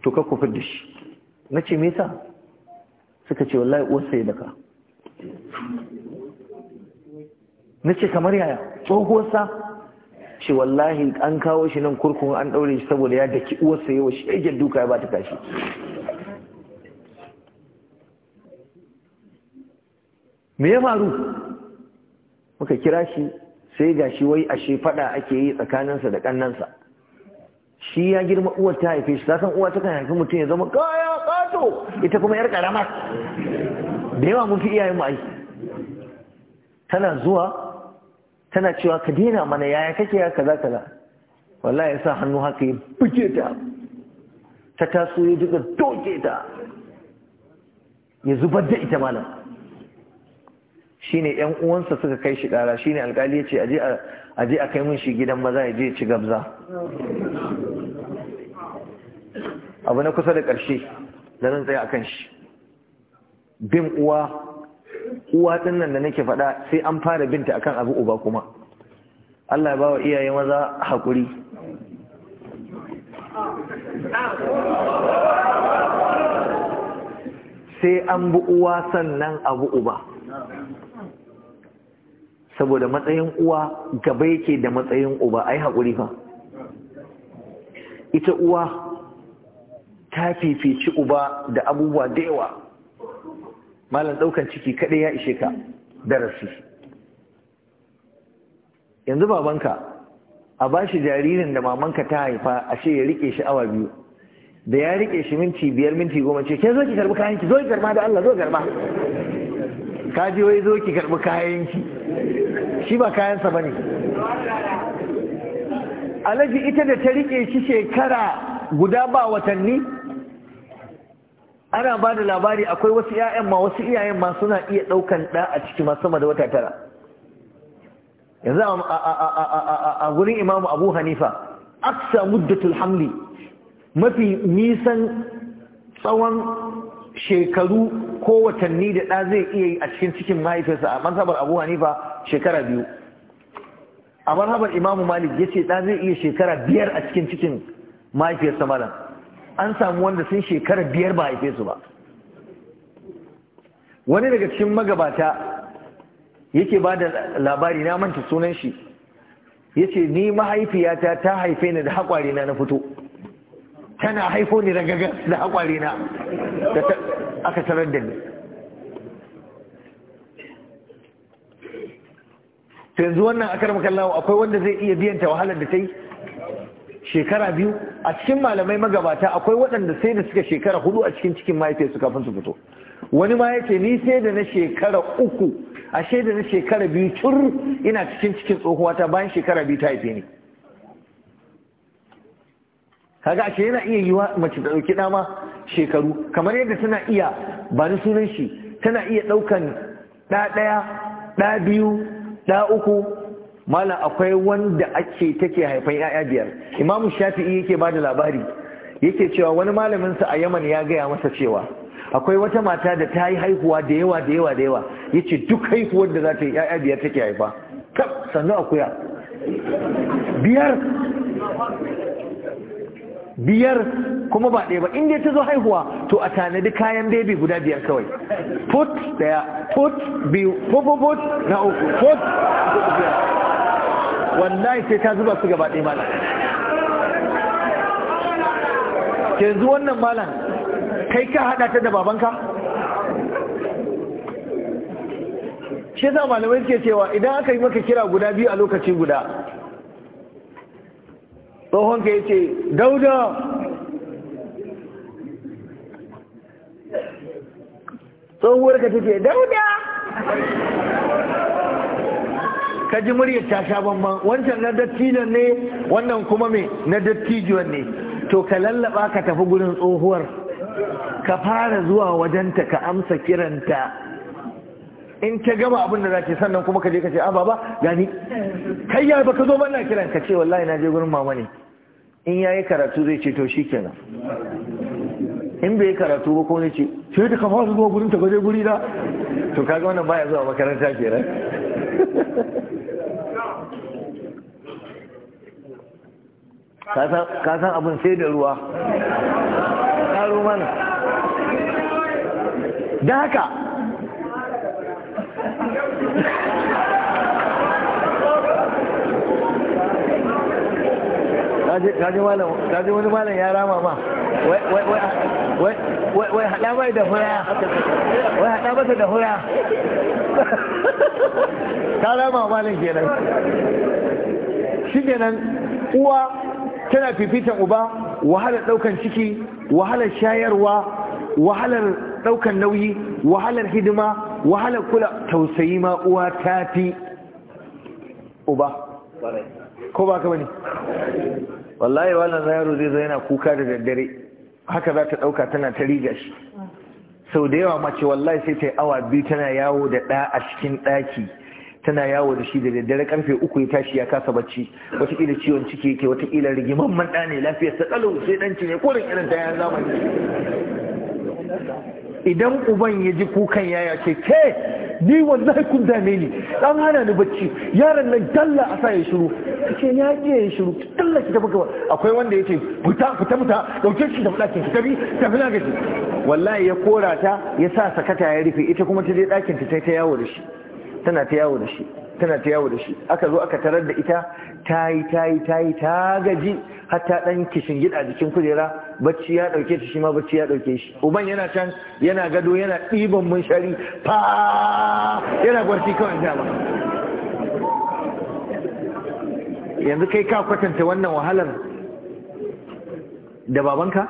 to ka kufur da shi na ce me yasa suka ce wallahi uwarsa ya daka na ce kamar yaya sa ce wallahi an kawo shi nan kurkun an ɗaure shi saboda ya daki uwarsa yawa shi ya duka ya ba ta kashi me ya faru muka kira shi sai ga shi wai ashe fada ake yi tsakaninsa da ƙannansa shi ya girma uwar ta haife shi ta uwa ta kan haifi mutum ya zama kaya yau ita kuma yar karama da yawa mun fi iyayen mu ai tana zuwa tana cewa ka daina mana yaya kake ya kaza kaza wallahi ya hannu haka ya buke ta ta taso ya duka doke ta ya zubar da ita malam shine yan uwansa suka kai shi kara shine alkali ya ce aje aje a kai mun shi gidan maza ya je ci gabza abu na kusa da ƙarshe da zan a kan shi bin uwa uwa din nan da nake faɗa sai an fara binta akan abu uba kuma Allah ya wa iyaye maza hakuri sai an bi uwa sannan abu uba saboda matsayin uwa gaba yake da matsayin uba ai haƙuri fa ita uwa ta fifici uba da abubuwa da yawa malam ɗaukan ciki kaɗai ya ishe ka darasi yanzu babanka a ba shi jaririn da mamanka ta haifa a ce ya rike shi awa biyu da ya rike shi minti biyar minti goma ce ke zo ki karbi ki?" zo ki karba da Allah zo karba ka je wai zo ki karbi ki. shi ba kayansa bane alaji ita da ta rike shi shekara guda ba watanni ana ba da labari akwai wasu 'ya'yan ma wasu iyayen ma suna iya ɗaukan ɗa a ciki ma sama da wata tara yanzu a gurin imamu abu hanifa aksa muddatul hamli mafi nisan tsawon shekaru ko watanni da ɗa zai iya yi a cikin cikin mahaifinsa a mazhabar abu hanifa shekara biyu a mazhabar imamu malik ya ce ɗa zai iya shekara biyar a cikin cikin mahaifiyarsa malam an samu wanda sun shekara biyar ba haife su ba wani daga cikin magabata yake ba da labari na manta sunan shi ya ce ni mahaifiyata ta haife ni da haƙwari na na fito tana haifo ni ragaga da haƙwari na da aka tarar da ni yanzu wannan akar makallawa akwai wanda zai iya biyanta wahalar da ta yi shekara biyu a cikin malamai magabata akwai waɗanda sai da suka shekara hudu a cikin cikin su kafin su fito wani ma yace ni sai da na shekara uku a sai da na shekara biyu cur ina cikin cikin ta bayan shekara biyu ta haife ni kaga ashe yana iya yiwa mace da ɗauki ɗama shekaru kamar yadda tana iya ba ni sunan shi tana iya ɗaukan ɗa ɗaya ɗa biyu ɗa uku malam akwai wanda ake take haifan yaya biyar imamu shafi'i yake bada labari yake cewa wani malamin sa a yaman ya gaya masa cewa akwai wata mata da ta yi haihuwa da yawa da yawa da yawa yace duk haihuwar da za ta yi yaya biyar take haifa kaf sannu akuya biyar biyar kuma ba ɗaya ba inda ta zo haihuwa to a tanadi kayan bebi guda biyar kawai put daya put biyu put na uku put wallahi sai ta zuba su gaba ɗaya malam yanzu wannan malam kai ka haɗa ta da babanka shi yasa malamai suke cewa idan aka yi maka kira guda biyu a lokaci guda tsohonka ya ce dauda tsohuwar ka ce dauda ka ji muryar ta sha bamban wancan na dattijon ne wannan kuma me na dattijuwan ne to ka lallaba ka tafi gurin tsohuwar ka fara zuwa wajenta ka amsa kiranta in ta gama abin da zaki sannan kuma ka je ka ce a ah, baba gani kai ya baka zo bana kiran ka ce wallahi na je gurin mama ne in yayi karatu zai ce to shikenan in bai karatu ba ko ne ce sai da ka fara zuwa gurin ta gaje guri da to kaga wannan baya zuwa makaranta kenan (laughs) ka san abin sai da ruwa Karu mana da haka kaji wani malam ya rama ma wai haɗa mai da hura wai haɗa masa da hura (laughs) ta rama malam kenan shi kenan uwa tana fifitan uba wahalar ɗaukan ciki wahalar shayarwa wahalar ɗaukan nauyi wahalar hidima wahalar kula tausayi ma uwa ta uba ko ba ka bane wallahi wannan yaro zai zo yana kuka da daddare haka za ta ɗauka tana ta riga shi sau da yawa mace wallahi sai ta yi awa biyu tana yawo da ɗa a cikin ɗaki tana yawo da shi da daddare karfe uku ya tashi ya kasa bacci wataƙila ciwon ciki yake wataƙila rigiman manɗa ne lafiyar ta ɗalo sai ɗanci ne koren irin ta zamani idan uban ya ji kukan yaya ce ke ni wallahi kun dame ni dan hana ni bacci yaron nan dalla a sa ya shiru kace ya iya ya shiru dalla ki tafi gaba akwai wanda yake fita fita fita dauke shi da dakin ki tafi tafi na gaji wallahi ya kora ta ya sa sakata ya rufe ita kuma ta je dakin ta ta yawo da shi tana ta yawo da shi tana ta yawo da shi aka zo aka tarar da ita ta yi ta yi ta yi ta gaji har ta dan kishin gida jikin kujera bacci ya dauke ta shi ma bacci ya dauke shi uban yana can yana gado yana ɗiban mun shari fa yana gwarci kawai ba. yanzu kai ka kwatanta wannan wahalar da babanka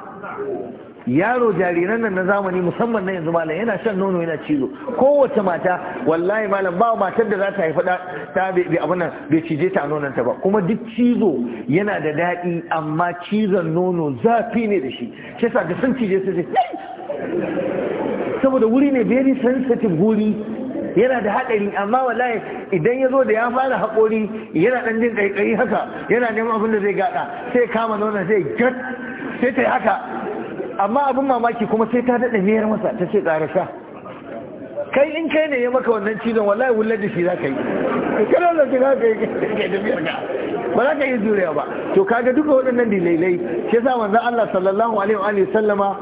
yaro jariran nan na zamani musamman na yanzu malam yana shan nono yana cizo kowace mata wallahi malam ba matar da za ta haifa da ta bai abin nan bai cije ta nonon ta ba kuma duk cizo yana da daɗi amma cizon nono zafi ne da shi shi yasa da sun cije su saboda wuri ne very sensitive guri yana da haɗari amma wallahi idan ya zo da ya fara haƙori yana ɗan jin ƙaiƙayi haka yana neman abin da zai gaɗa sai kama nonon sai gat sai ta haka amma abin mamaki kuma sai ta daɗa miyar masa ta ce tsara sha kai in kai ne ya maka wannan cizon wallahi wullar da shi za ka yi kada da shi za ka yi da miyar ka ba za ka yi juriya ba to kaga duka waɗannan dilailai shi sa manzon Allah sallallahu alaihi wa sallama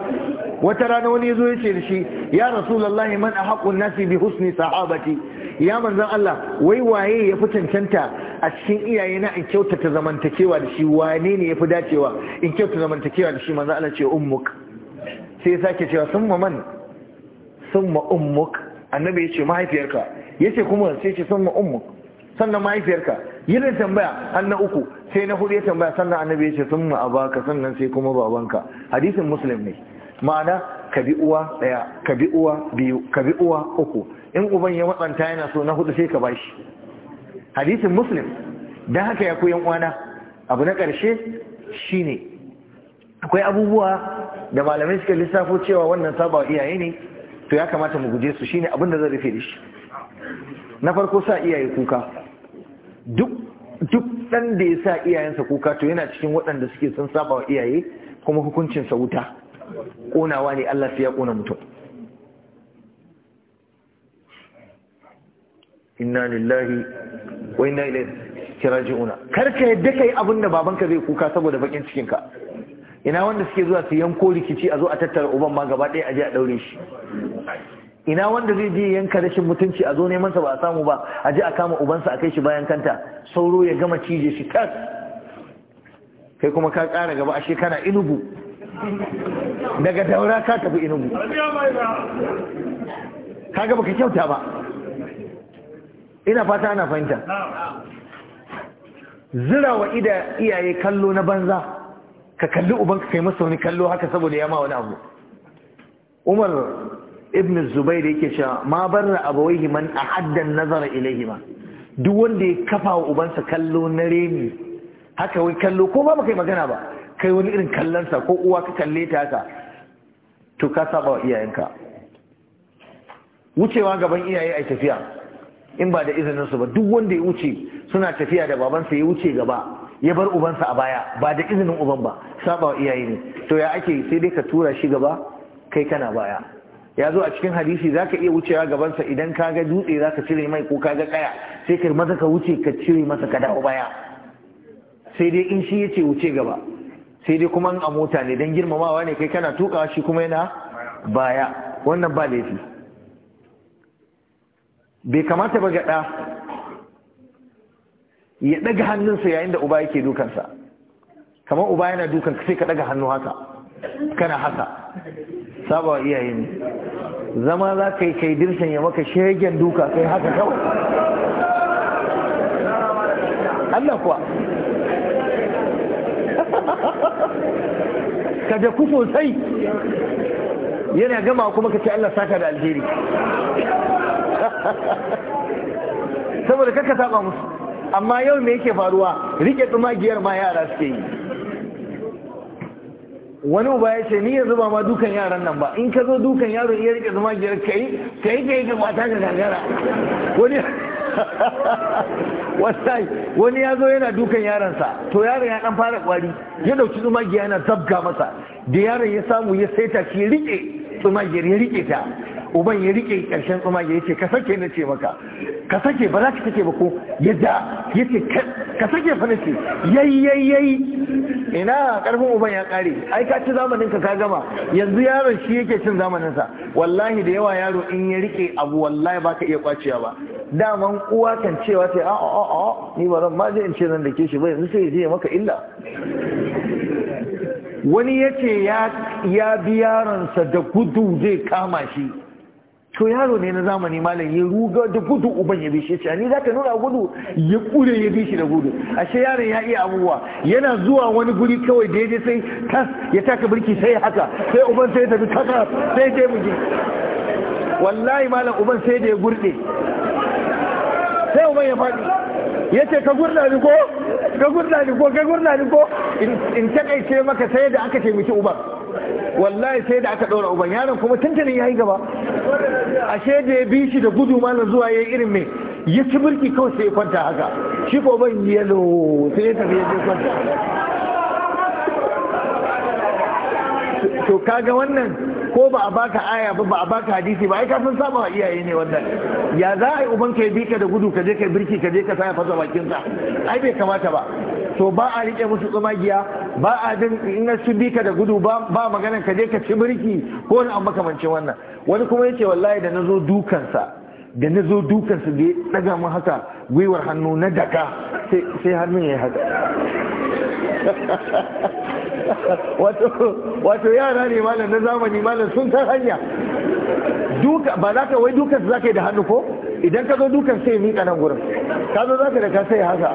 wata rana wani ya zo ya ce da shi ya rasulullahi man a nasi bi husni sahabati ya manzan Allah wai waye ya fi cancanta a cikin iyaye na in kyautata zamantakewa da shi wane ne ya fi dacewa in kyautata zamantakewa da shi manzan Allah ce ummuk sai ya sake cewa summa man summa ummuk annabi ya ce mahaifiyarka ya ce kuma sai ce summa ummuk sannan mahaifiyarka yin tambaya an na uku sai na hudu ya tambaya sannan annabi ya ce summa abaka sannan sai kuma babanka hadisin muslim ne ma'ana ka bi uwa daya ka bi uwa biyu ka bi uwa uku in uban ya matsanta yana so na hudu sai ka bashi hadisin muslim don haka ya koyan uwana abu na ƙarshe shine akwai abubuwa da malamai suka lissafo cewa wannan saba iyaye ne to ya kamata mu guje su shine abin da zan rufe da shi na farko sa iyaye kuka duk duk dan da ya sa iyayensa kuka to yana cikin waɗanda suke sun saba wa iyaye kuma hukuncinsa wuta ƙonawa ne Allah sai ya ƙona mutum inna lillahi wa inna ilaihi raji'una kar ka yadda kai abin da babanka zai kuka saboda bakin cikin ka ina wanda suke zuwa su yanko rikici a zo a tattara uban ma gaba ɗaya a je a daure shi ina wanda zai je yanka rashin mutunci a zo neman sa ba a samu ba a je a kama ubansa a kai shi bayan kanta sauro ya gama cije shi tas kai kuma ka ƙara gaba ashe kana inugu daga daura ka tafi inugu kaga baka kyauta ba ina fata ana fahimta zira wa ida iyaye kallo na banza ka kalli ubanka kai masa wani kallo haka saboda ya ma wani abu umar ibn zubair yake cewa ma barra abawaihi man ahaddan nazara ilaihima duk wanda ya kafa wa ubansa kallo na remi haka wai kallo ko ba kai magana ba kai wani irin kallonsa ko uwa ka kalle ta haka to ka saba wa iyayenka wucewa gaban iyaye a tafiya in ba da izinin su ba duk wanda ya wuce suna tafiya da babansa ya wuce gaba ya bar ubansa a baya ba da izinin uban ba saba wa iyaye ne to ya ake sai dai ka tura shi gaba kai kana baya ya zo a cikin hadisi za ka iya wucewa gabansa idan ka ga dutse za ka cire mai ko ka ga kaya sai ka maza ka wuce ka cire masa ka dawo baya sai dai in shi ya ce wuce gaba sai dai kuma a mota ne don girmamawa ne kai kana tukawa shi kuma yana baya wannan ba laifi bai kamata ba ga ɗa ya ɗaga hannunsa yayin da uba yake dukansa kamar uba yana dukan sai ka ɗaga hannu haka kana haka sabawa iyayen zama za ka yi kai dirshan ya maka shegen duka kai haka kawai Allah kuwa (laughs) ka da ku sosai yana gama kuma ka ce Allah saka da alheri (laughs) saboda kaka saba musu amma yau me yake faruwa rike tsumagiyar ma yara suke yi wani uba ya ce ni yanzu ba ma dukan yaran nan ba in ka zo dukan yaro iya rike zama giyar ka yi ka yi ka yi ka kwata ka gagara wani (laughs) wasai wani ya zo yana dukan yaransa to yaron ya dan fara kwari ya dauki zuma giya yana zabga masa da yaron ya samu ya saita shi rike zuma giyar ya rike ta uban ya rike ƙarshen tsumage ya ce ka sake na ce maka ka sake ba za ka sake ba ko ya da ya ce ka sake fa na ce yayi yayi ina karfin uban ya kare ai ka ci zamanin ka ka gama yanzu yaron shi yake cin zamanin sa wallahi da yawa yaro in ya rike abu wallahi ba ka iya kwaciya ba daman uwa kan cewa sai a a a ni ba zan ma je in ce nan da ke shi ba yanzu sai ya je maka illa wani ya ce ya bi yaronsa da gudu zai kama shi to yaro ne na zamani malam ya ruga da gudu uban ya bishe shi ni zaka nuna gudu ya kure ya bishe da gudu ashe yaron ya iya abubuwa yana zuwa wani guri kawai da yaje sai tas ya taka birki sai haka sai uban sai tafi taka sai je buge wallahi malam uban sai da ya gurde sai uban ya faɗi ya ce ka gurda ni ko ka gurda ni ko ka gurda ni ko in takaice maka sai da aka taimaki uban wallahi sai da aka ɗaura uban yaron kuma tantanin ya yi gaba ashe da ya bi shi da gudu malam zuwa ya yi irin mai ya ci mulki kawai sai ya kwanta haka shi ko ban yalo sai ya tafi ya je kwanta to kaga wannan ko ba a baka aya ba ba a baka hadisi ba ai kafin saba wa iyaye ne wannan ya za a yi uban ka bi ka da gudu ka je ka birki ka je ka sa ya fasa bakin ai bai kamata ba to ba a rike musu tsumagiya ba a jin in su bi ka da gudu ba magana ka je ka ci birki ko wani abu makamancin wannan wani kuma yace wallahi da nazo dukansa da nazo dukansa da ya daga mu haka gwiwar hannu na daka sai hannun ya haka (laughs) wato yara ne malam na zamani malam sun san hanya duka ba za ka wai dukan za ka yi da hannu ko idan ka zo dukan sai miƙa nan gurin ka zo za ka da ka sai haka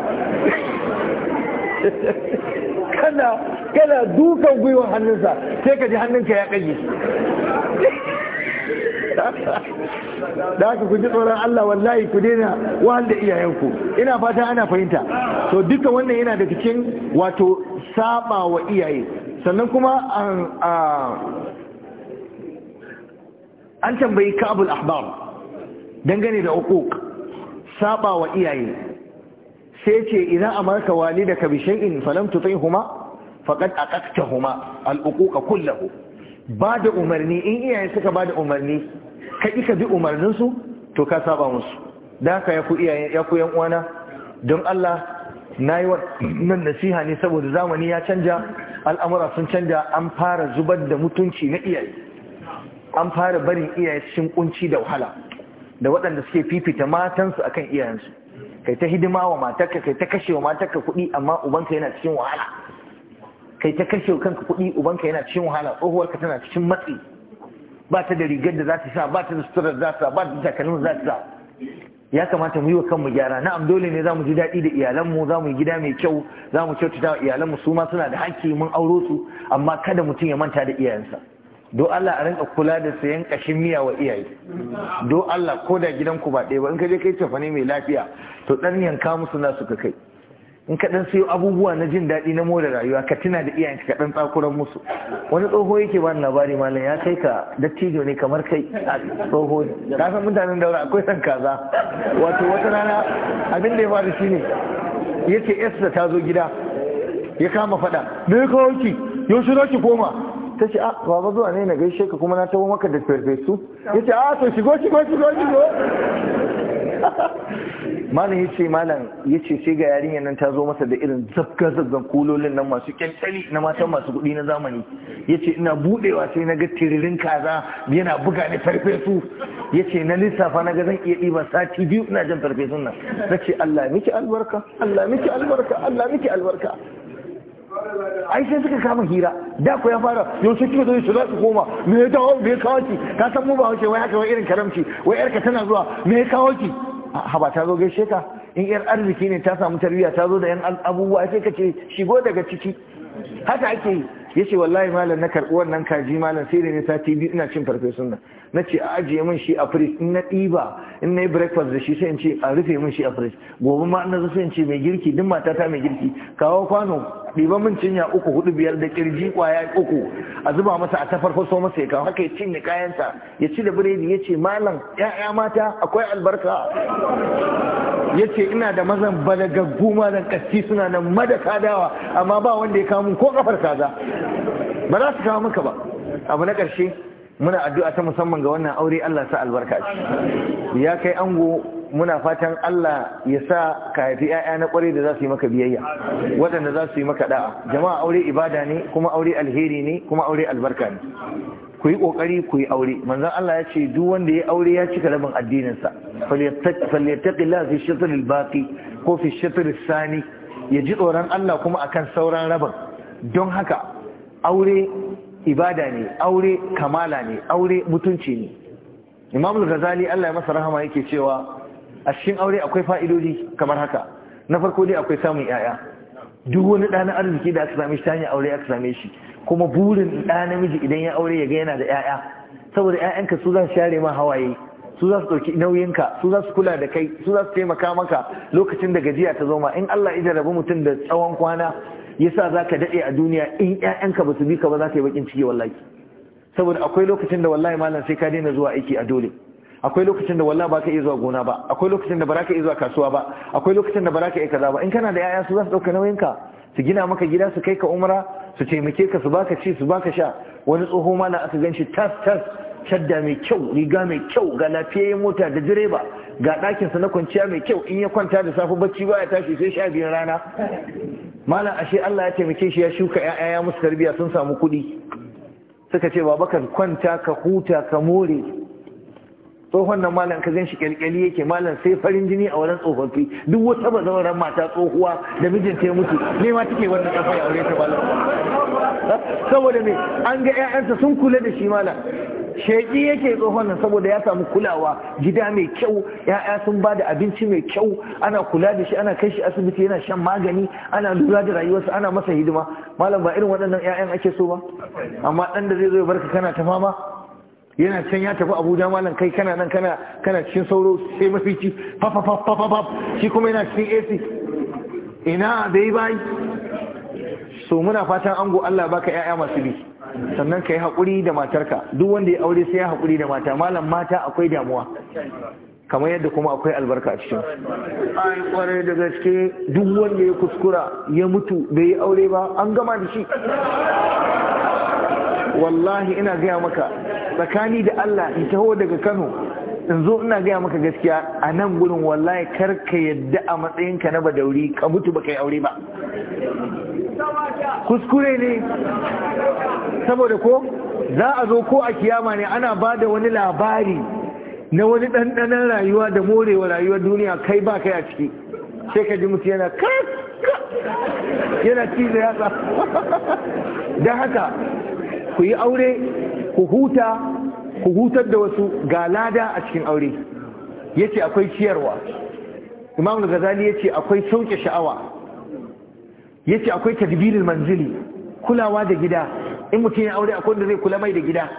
(laughs) kana kana dukan gwiwar hannunsa sai ka ji hannunka ya kage da haka kun ji tsoron Allah wallahi ku daina wahal da iyayenku ina fata ana fahimta to duka wannan yana da cikin wato saba wa iyaye sannan kuma um, an tambayi kabul ahbab dangane da uquq saba wa iyaye sai ce idan amarka walidaka bi shay'in falam tutihuma huma aqaqtahuma al-uquqa kullahu da umarni in iyaye suka ba da umarni ka ika bi umarnin su to ka saba musu da haka ya ku iyaye ya ku yan uwana don Allah nayi wannan nasiha ne saboda zamani ya canja al'amura sun canja an fara zubar da mutunci na iyaye an fara barin iyaye cikin kunci da wahala da waɗanda suke fifita matansu akan iyayensu kai ta hidima wa matarka kai ta kashe wa matarka kuɗi amma ubanka yana cikin wahala kai ta kashe wa kanka kuɗi ubanka yana cikin wahala tsohuwarka tana cikin matsi ba ta da rigar da za ta sa ba ta da suturar za ta ba ta da takalmin za ta sa ya kamata mu yi wa kanmu gyara na'am dole ne za mu ji daɗi da iyalanmu za mu yi gida mai kyau za mu kyautata wa iyalanmu su ma suna da hakki mun auro su amma kada mutum ya manta da iyayensa do Allah a rinka kula da sayan kashin miya wa iyaye do Allah ko da gidanku ba ɗaya ba in ka je kai tafane mai lafiya to dan yanka musu nasu ka kai in ka dan sayo abubuwa na jin daɗi na more rayuwa ka tuna da iyayenka ka dan tsakuran musu wani tsoho yake ba labari malam ya kai ka dattijo ne kamar kai a tsoho ne ka san mutanen daura akwai san kaza wato wata rana abin da ya faru shine yace yarsa ta zo gida ya kama faɗa me ka ki shi ki koma ta ce a ah, baba zuwa ne na gaishe ka kuma na tabo maka da farfesu ya ce a ah, to shigo shigo shigo shigo (laughs) malam ya ce malam ya ce sai ga yarinyar nan ta zo masa da irin zabga zabgan kulolin nan masu kyankyani na matan masu kuɗi na zamani ya ce ina buɗewa sai na ga tiririn kaza yana buga ni farfesu ya ce na lissafa na ga zan iya ɗiba sati biyu ina jan farfesun nan na ce Allah miki albarka Allah miki albarka Allah miki albarka ai sai suka kama hira da ku ya fara yaushe kika zo su za su koma me ya dawo me kawo ki ka san mu ba wace wai aka wai irin karamci wai yarka tana zuwa me ya kawo ki haba ta zo gaishe ka in yar arziki ne ta samu tarbiyya ta zo da yan abubuwa sai ka ce shigo daga ciki haka ake yi yace wallahi malam na karɓi wannan kaji malam sai da ne sati biyu ina cin farfesun nan na ce a ajiye min shi a fridge in na ɗiba in na yi breakfast da shi sai ce a rufe min shi a fridge gobe ma na zo sai in ce mai girki duk matata mai girki kawo kwano ɗiba min cinya uku hudu biyar da kirji kwaya uku a zuba masa a ta so masa ya kawo haka ya cinye kayansa ya ci da biredi ya ce malam ya'ya mata akwai albarka ya ce ina da mazan balagaggu malam kasti suna nan madaka dawa amma ba wanda ya kawo min ko kafar kaza ba za su kawo maka ba abu na ƙarshe muna addu'a ta musamman ga wannan aure Allah sa albarka shi ya kai ango muna fatan Allah ya sa ka haifi 'ya'ya na kware da za su yi maka biyayya waɗanda za su yi maka ɗa'a. jama'a aure ibada ne kuma aure alheri ne kuma aure albarka ne ku yi ƙoƙari ku yi aure manzon Allah ya ce duk wanda ya aure ya cika rabin addininsa falyattaqillah fi shatr al-baqi ko fi shatr sani ya ji tsoron Allah kuma akan sauran rabin don haka aure ibada ne aure kamala ne aure mutunci ne imam al-ghazali Allah ya masa rahama yake cewa a cikin aure akwai fa'idodi kamar haka na farko dai akwai samun yaya duk wani ɗan arziki da aka same shi ta aure aka same shi kuma burin ɗa namiji idan ya aure ya yana da yaya saboda yayanka su za su share ma hawaye su za su ɗauki nauyinka su za su kula da kai su za su taimaka maka lokacin da gajiya ta zo ma in Allah ya jarabi mutum da tsawon kwana yasa zaka daɗe a duniya in ƴaƴanka ba su bi ka ba zaka yi bakin ciki wallahi saboda akwai lokacin da wallahi malam sai ka daina zuwa aiki a dole akwai lokacin da wallahi baka iya zuwa gona ba akwai lokacin da baraka iya zuwa kasuwa ba akwai lokacin da baraka iya kaza ba in kana da yaya su za su dauka nauyin ka su gina maka gida su kai ka umra su taimake ka su baka ci su baka sha wani tsoho malam aka ganshi tas tas shadda mai kyau riga mai kyau ga lafiyayyen mota da direba ga ɗakinsa na kwanciya mai kyau in ya kwanta da safe bacci ba ya tashi sai sha biyun rana malam ashe Allah ya taimake shi ya shuka ya'ya ya musu tarbiya sun samu kuɗi suka ce baba ka kwanta ka huta ka more tsohon nan malam ka ganshi kyalkyali yake malam sai farin jini a wurin tsofaffi duk wata ran mata tsohuwa da mijinta ya mutu ne ma take wannan kafa ya aure ta malam saboda me an ga 'ya'yansa sun kula da shi malam sheki yake tsohon nan saboda ya samu kulawa gida mai kyau ya'ya sun ba da abinci mai kyau ana kula da shi ana kai shi asibiti yana shan magani ana lura da rayuwarsa ana masa hidima malam ba irin waɗannan 'ya'yan ake so ba amma ɗan da zai zo ya barka kana ta fama yana can ya tafi abuja malam kai kana nan kana kana cikin sauro sai mafici fafafafafaf shi kuma yana cikin ac ina da yi bayi so muna fatan ango allah baka ya'ya masu bi sannan ka yi haƙuri da matarka duk wanda ya aure sai ya haƙuri da mata malam mata akwai damuwa kamar yadda kuma akwai albarka a cikin ai kwarai da gaske duk wanda ya kuskura ya mutu bai yi aure ba an gama da shi wallahi ina gaya maka tsakani da Allah in taho daga Kano in zo ina gaya maka gaskiya a nan gurin wallahi kar ka yadda a matsayinka na badauri ka mutu ba yi aure ba kuskure ne saboda ko za a zo ko a kiyama ne ana ba da wani labari na wani ɗanɗanon rayuwa da morewa rayuwar duniya kai ba kai a ciki sai ka ji mutu yana yana (laughs) da yatsa don haka ku yi aure ku huta ku hutar da wasu ga lada a cikin aure yace akwai ciyarwa imam ya yace akwai sauke sha'awa yace akwai tadbirul manzili kulawa da gida in mutum ya aure akwai wanda zai kula mai da gida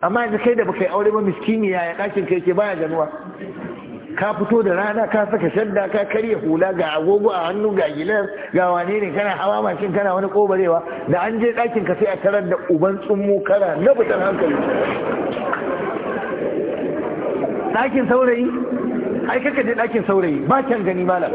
amma yanzu kai da baka yi aure ba miskini ya ɗakin kai ke baya ganuwa ka fito da rana ka saka shadda ka karya hula ga agogo a hannu ga gilas ga wane ne kana hawa mashin kana wani kobarewa da an je ɗakin ka sai a tarar da uban tsummo kara na fitar hankali ɗakin saurayi ai kaka je ɗakin saurayi ba can gani malam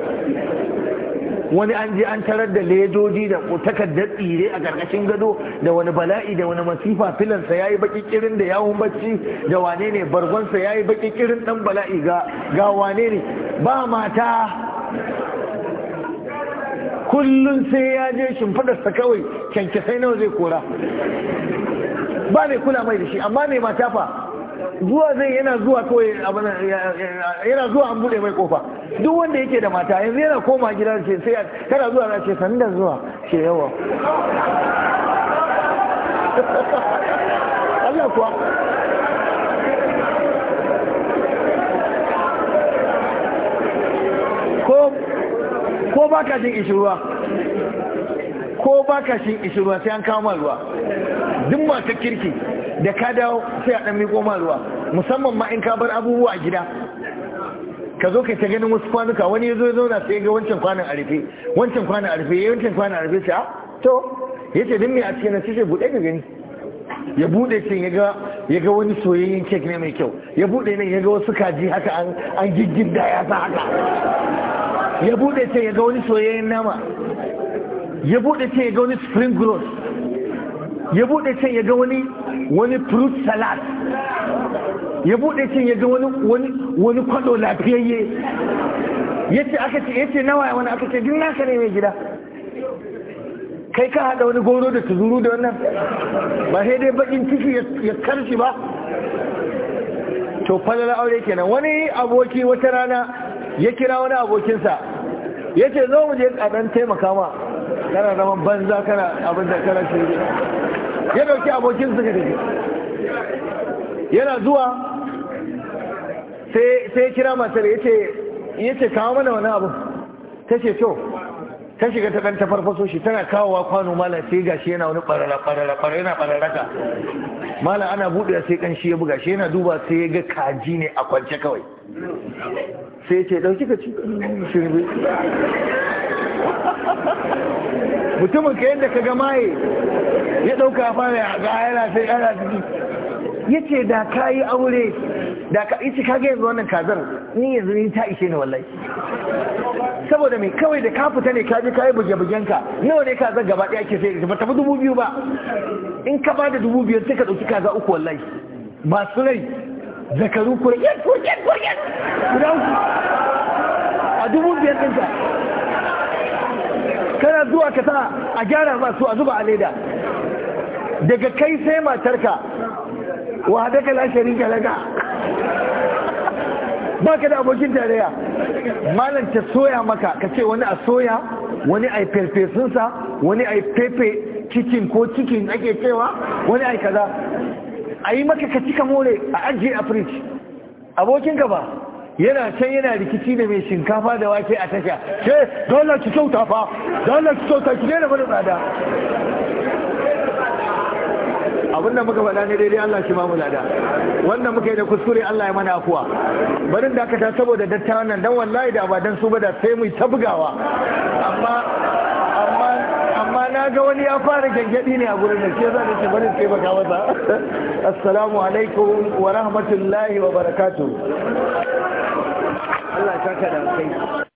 wani an je an tarar da ledoji da takardar tsire a gargashin gado da wani bala'i da wani masifa filansa ya yi baƙiƙirin da yawon bacci da wane ne bargonsa ya yi baƙiƙirin dan bala'i ga ga wane ne ba mata kullum sai ya je shimfidarsa kawai kyankyasai nawa zai kora ba mai kula mai da shi amma mai mata zuwa zai yana zuwa kawai yana zuwa an bude mai kofa duk wanda yake da mata yanzu yana koma gida ce sai kana zuwa na ce sanda zuwa ce yawa (laughs) Allah kuwa ko ba ka jin ishiruwa ko ka shi ishirwa sai an ma ruwa duk masu kirki da ka dawo sai a dan miƙo ma ruwa musamman ma in ka bar abubuwa a gida ka zo ka ta ganin wasu kwanuka wani ya zo ya zauna sai ga wancan kwanan a rufe wancan kwanan a rufe wancan kwanan a rufe sai ah, to ya ce dimmi a cikin nan sai buɗe ka gani ya buɗe cin ya ga ya ga wani soyayyen kek ne mai kyau ya buɗe nan ya ga wasu kaji haka an an giggin da ya sa haka ya buɗe cin ya ga wani soyayyen nama ya bude can ya ga wani spring roll ya bude can ya ga wani wani fruit salad ya bude can ya ga wani wani wani kwado lafiyayye yace aka ce yace nawa wani aka ce din naka ne mai gida kai ka hada wani goro da tuzuru da wannan ba sai dai bakin ciki ya karshi ba to falala aure kenan wani aboki wata rana ya kira wani abokinsa ya ce zo mu je a ɗan taimaka ma kana zaman banza kana abin da kana shirye ya dauki abokin suka dake yana zuwa sai ya kira matar ya ce kawo mana wani abu ta ce to ta shiga ta dan ta farfaso shi tana kawowa kwano mala sai gashi yana wani barara barara barara yana bararaka mala ana buɗe sai shi ya buga shi yana duba sai ya ga kaji ne a kwance kawai sai ya ce dauki ka ci mutumin ka yadda ka ga maye ya dauka fara ya ga yana sai yana yace da kayi aure da ka yace kage yanzu wannan kazan ni yanzu ni ta ishe ni wallahi saboda me kawai da ka fita ne ka je kayi buge bugen ka nawa ne kazan gaba daya ake sai ba tafi dubu biyu ba in ka bada dubu biyu sai ka dauki kaza uku wallahi masu rai zakaru yan kuriyar yan guda uku a dubu biyar ka kana zuwa ka sa a gyara masu a zuba a leda daga kai sai matarka wa da ka la sharika Ba ka da abokin tarayya malam ta soya maka ka ce wani a soya wani a perfesunsa wani a pepe cikin ko cikin ake cewa wani a kaza a yi maka ka cika more a ajiye a fridge Abokin ba yana can yana rikici da mai shinkafa da wake a tasha ce don ki kyauta fa don ki kyauta ki da wani tsada abinda muka faɗa ne daidai Allah shi ba mu lada wanda muka yi da kuskure Allah ya mana afuwa barin dakata saboda dattawan nan dan wallahi da ba dan su ba da sai mu ta bugawa amma amma amma na ga wani ya fara gangadi ne a gurin da ke zan ce bari sai baka masa assalamu alaikum wa rahmatullahi wa barakatuh Allah ya saka da kai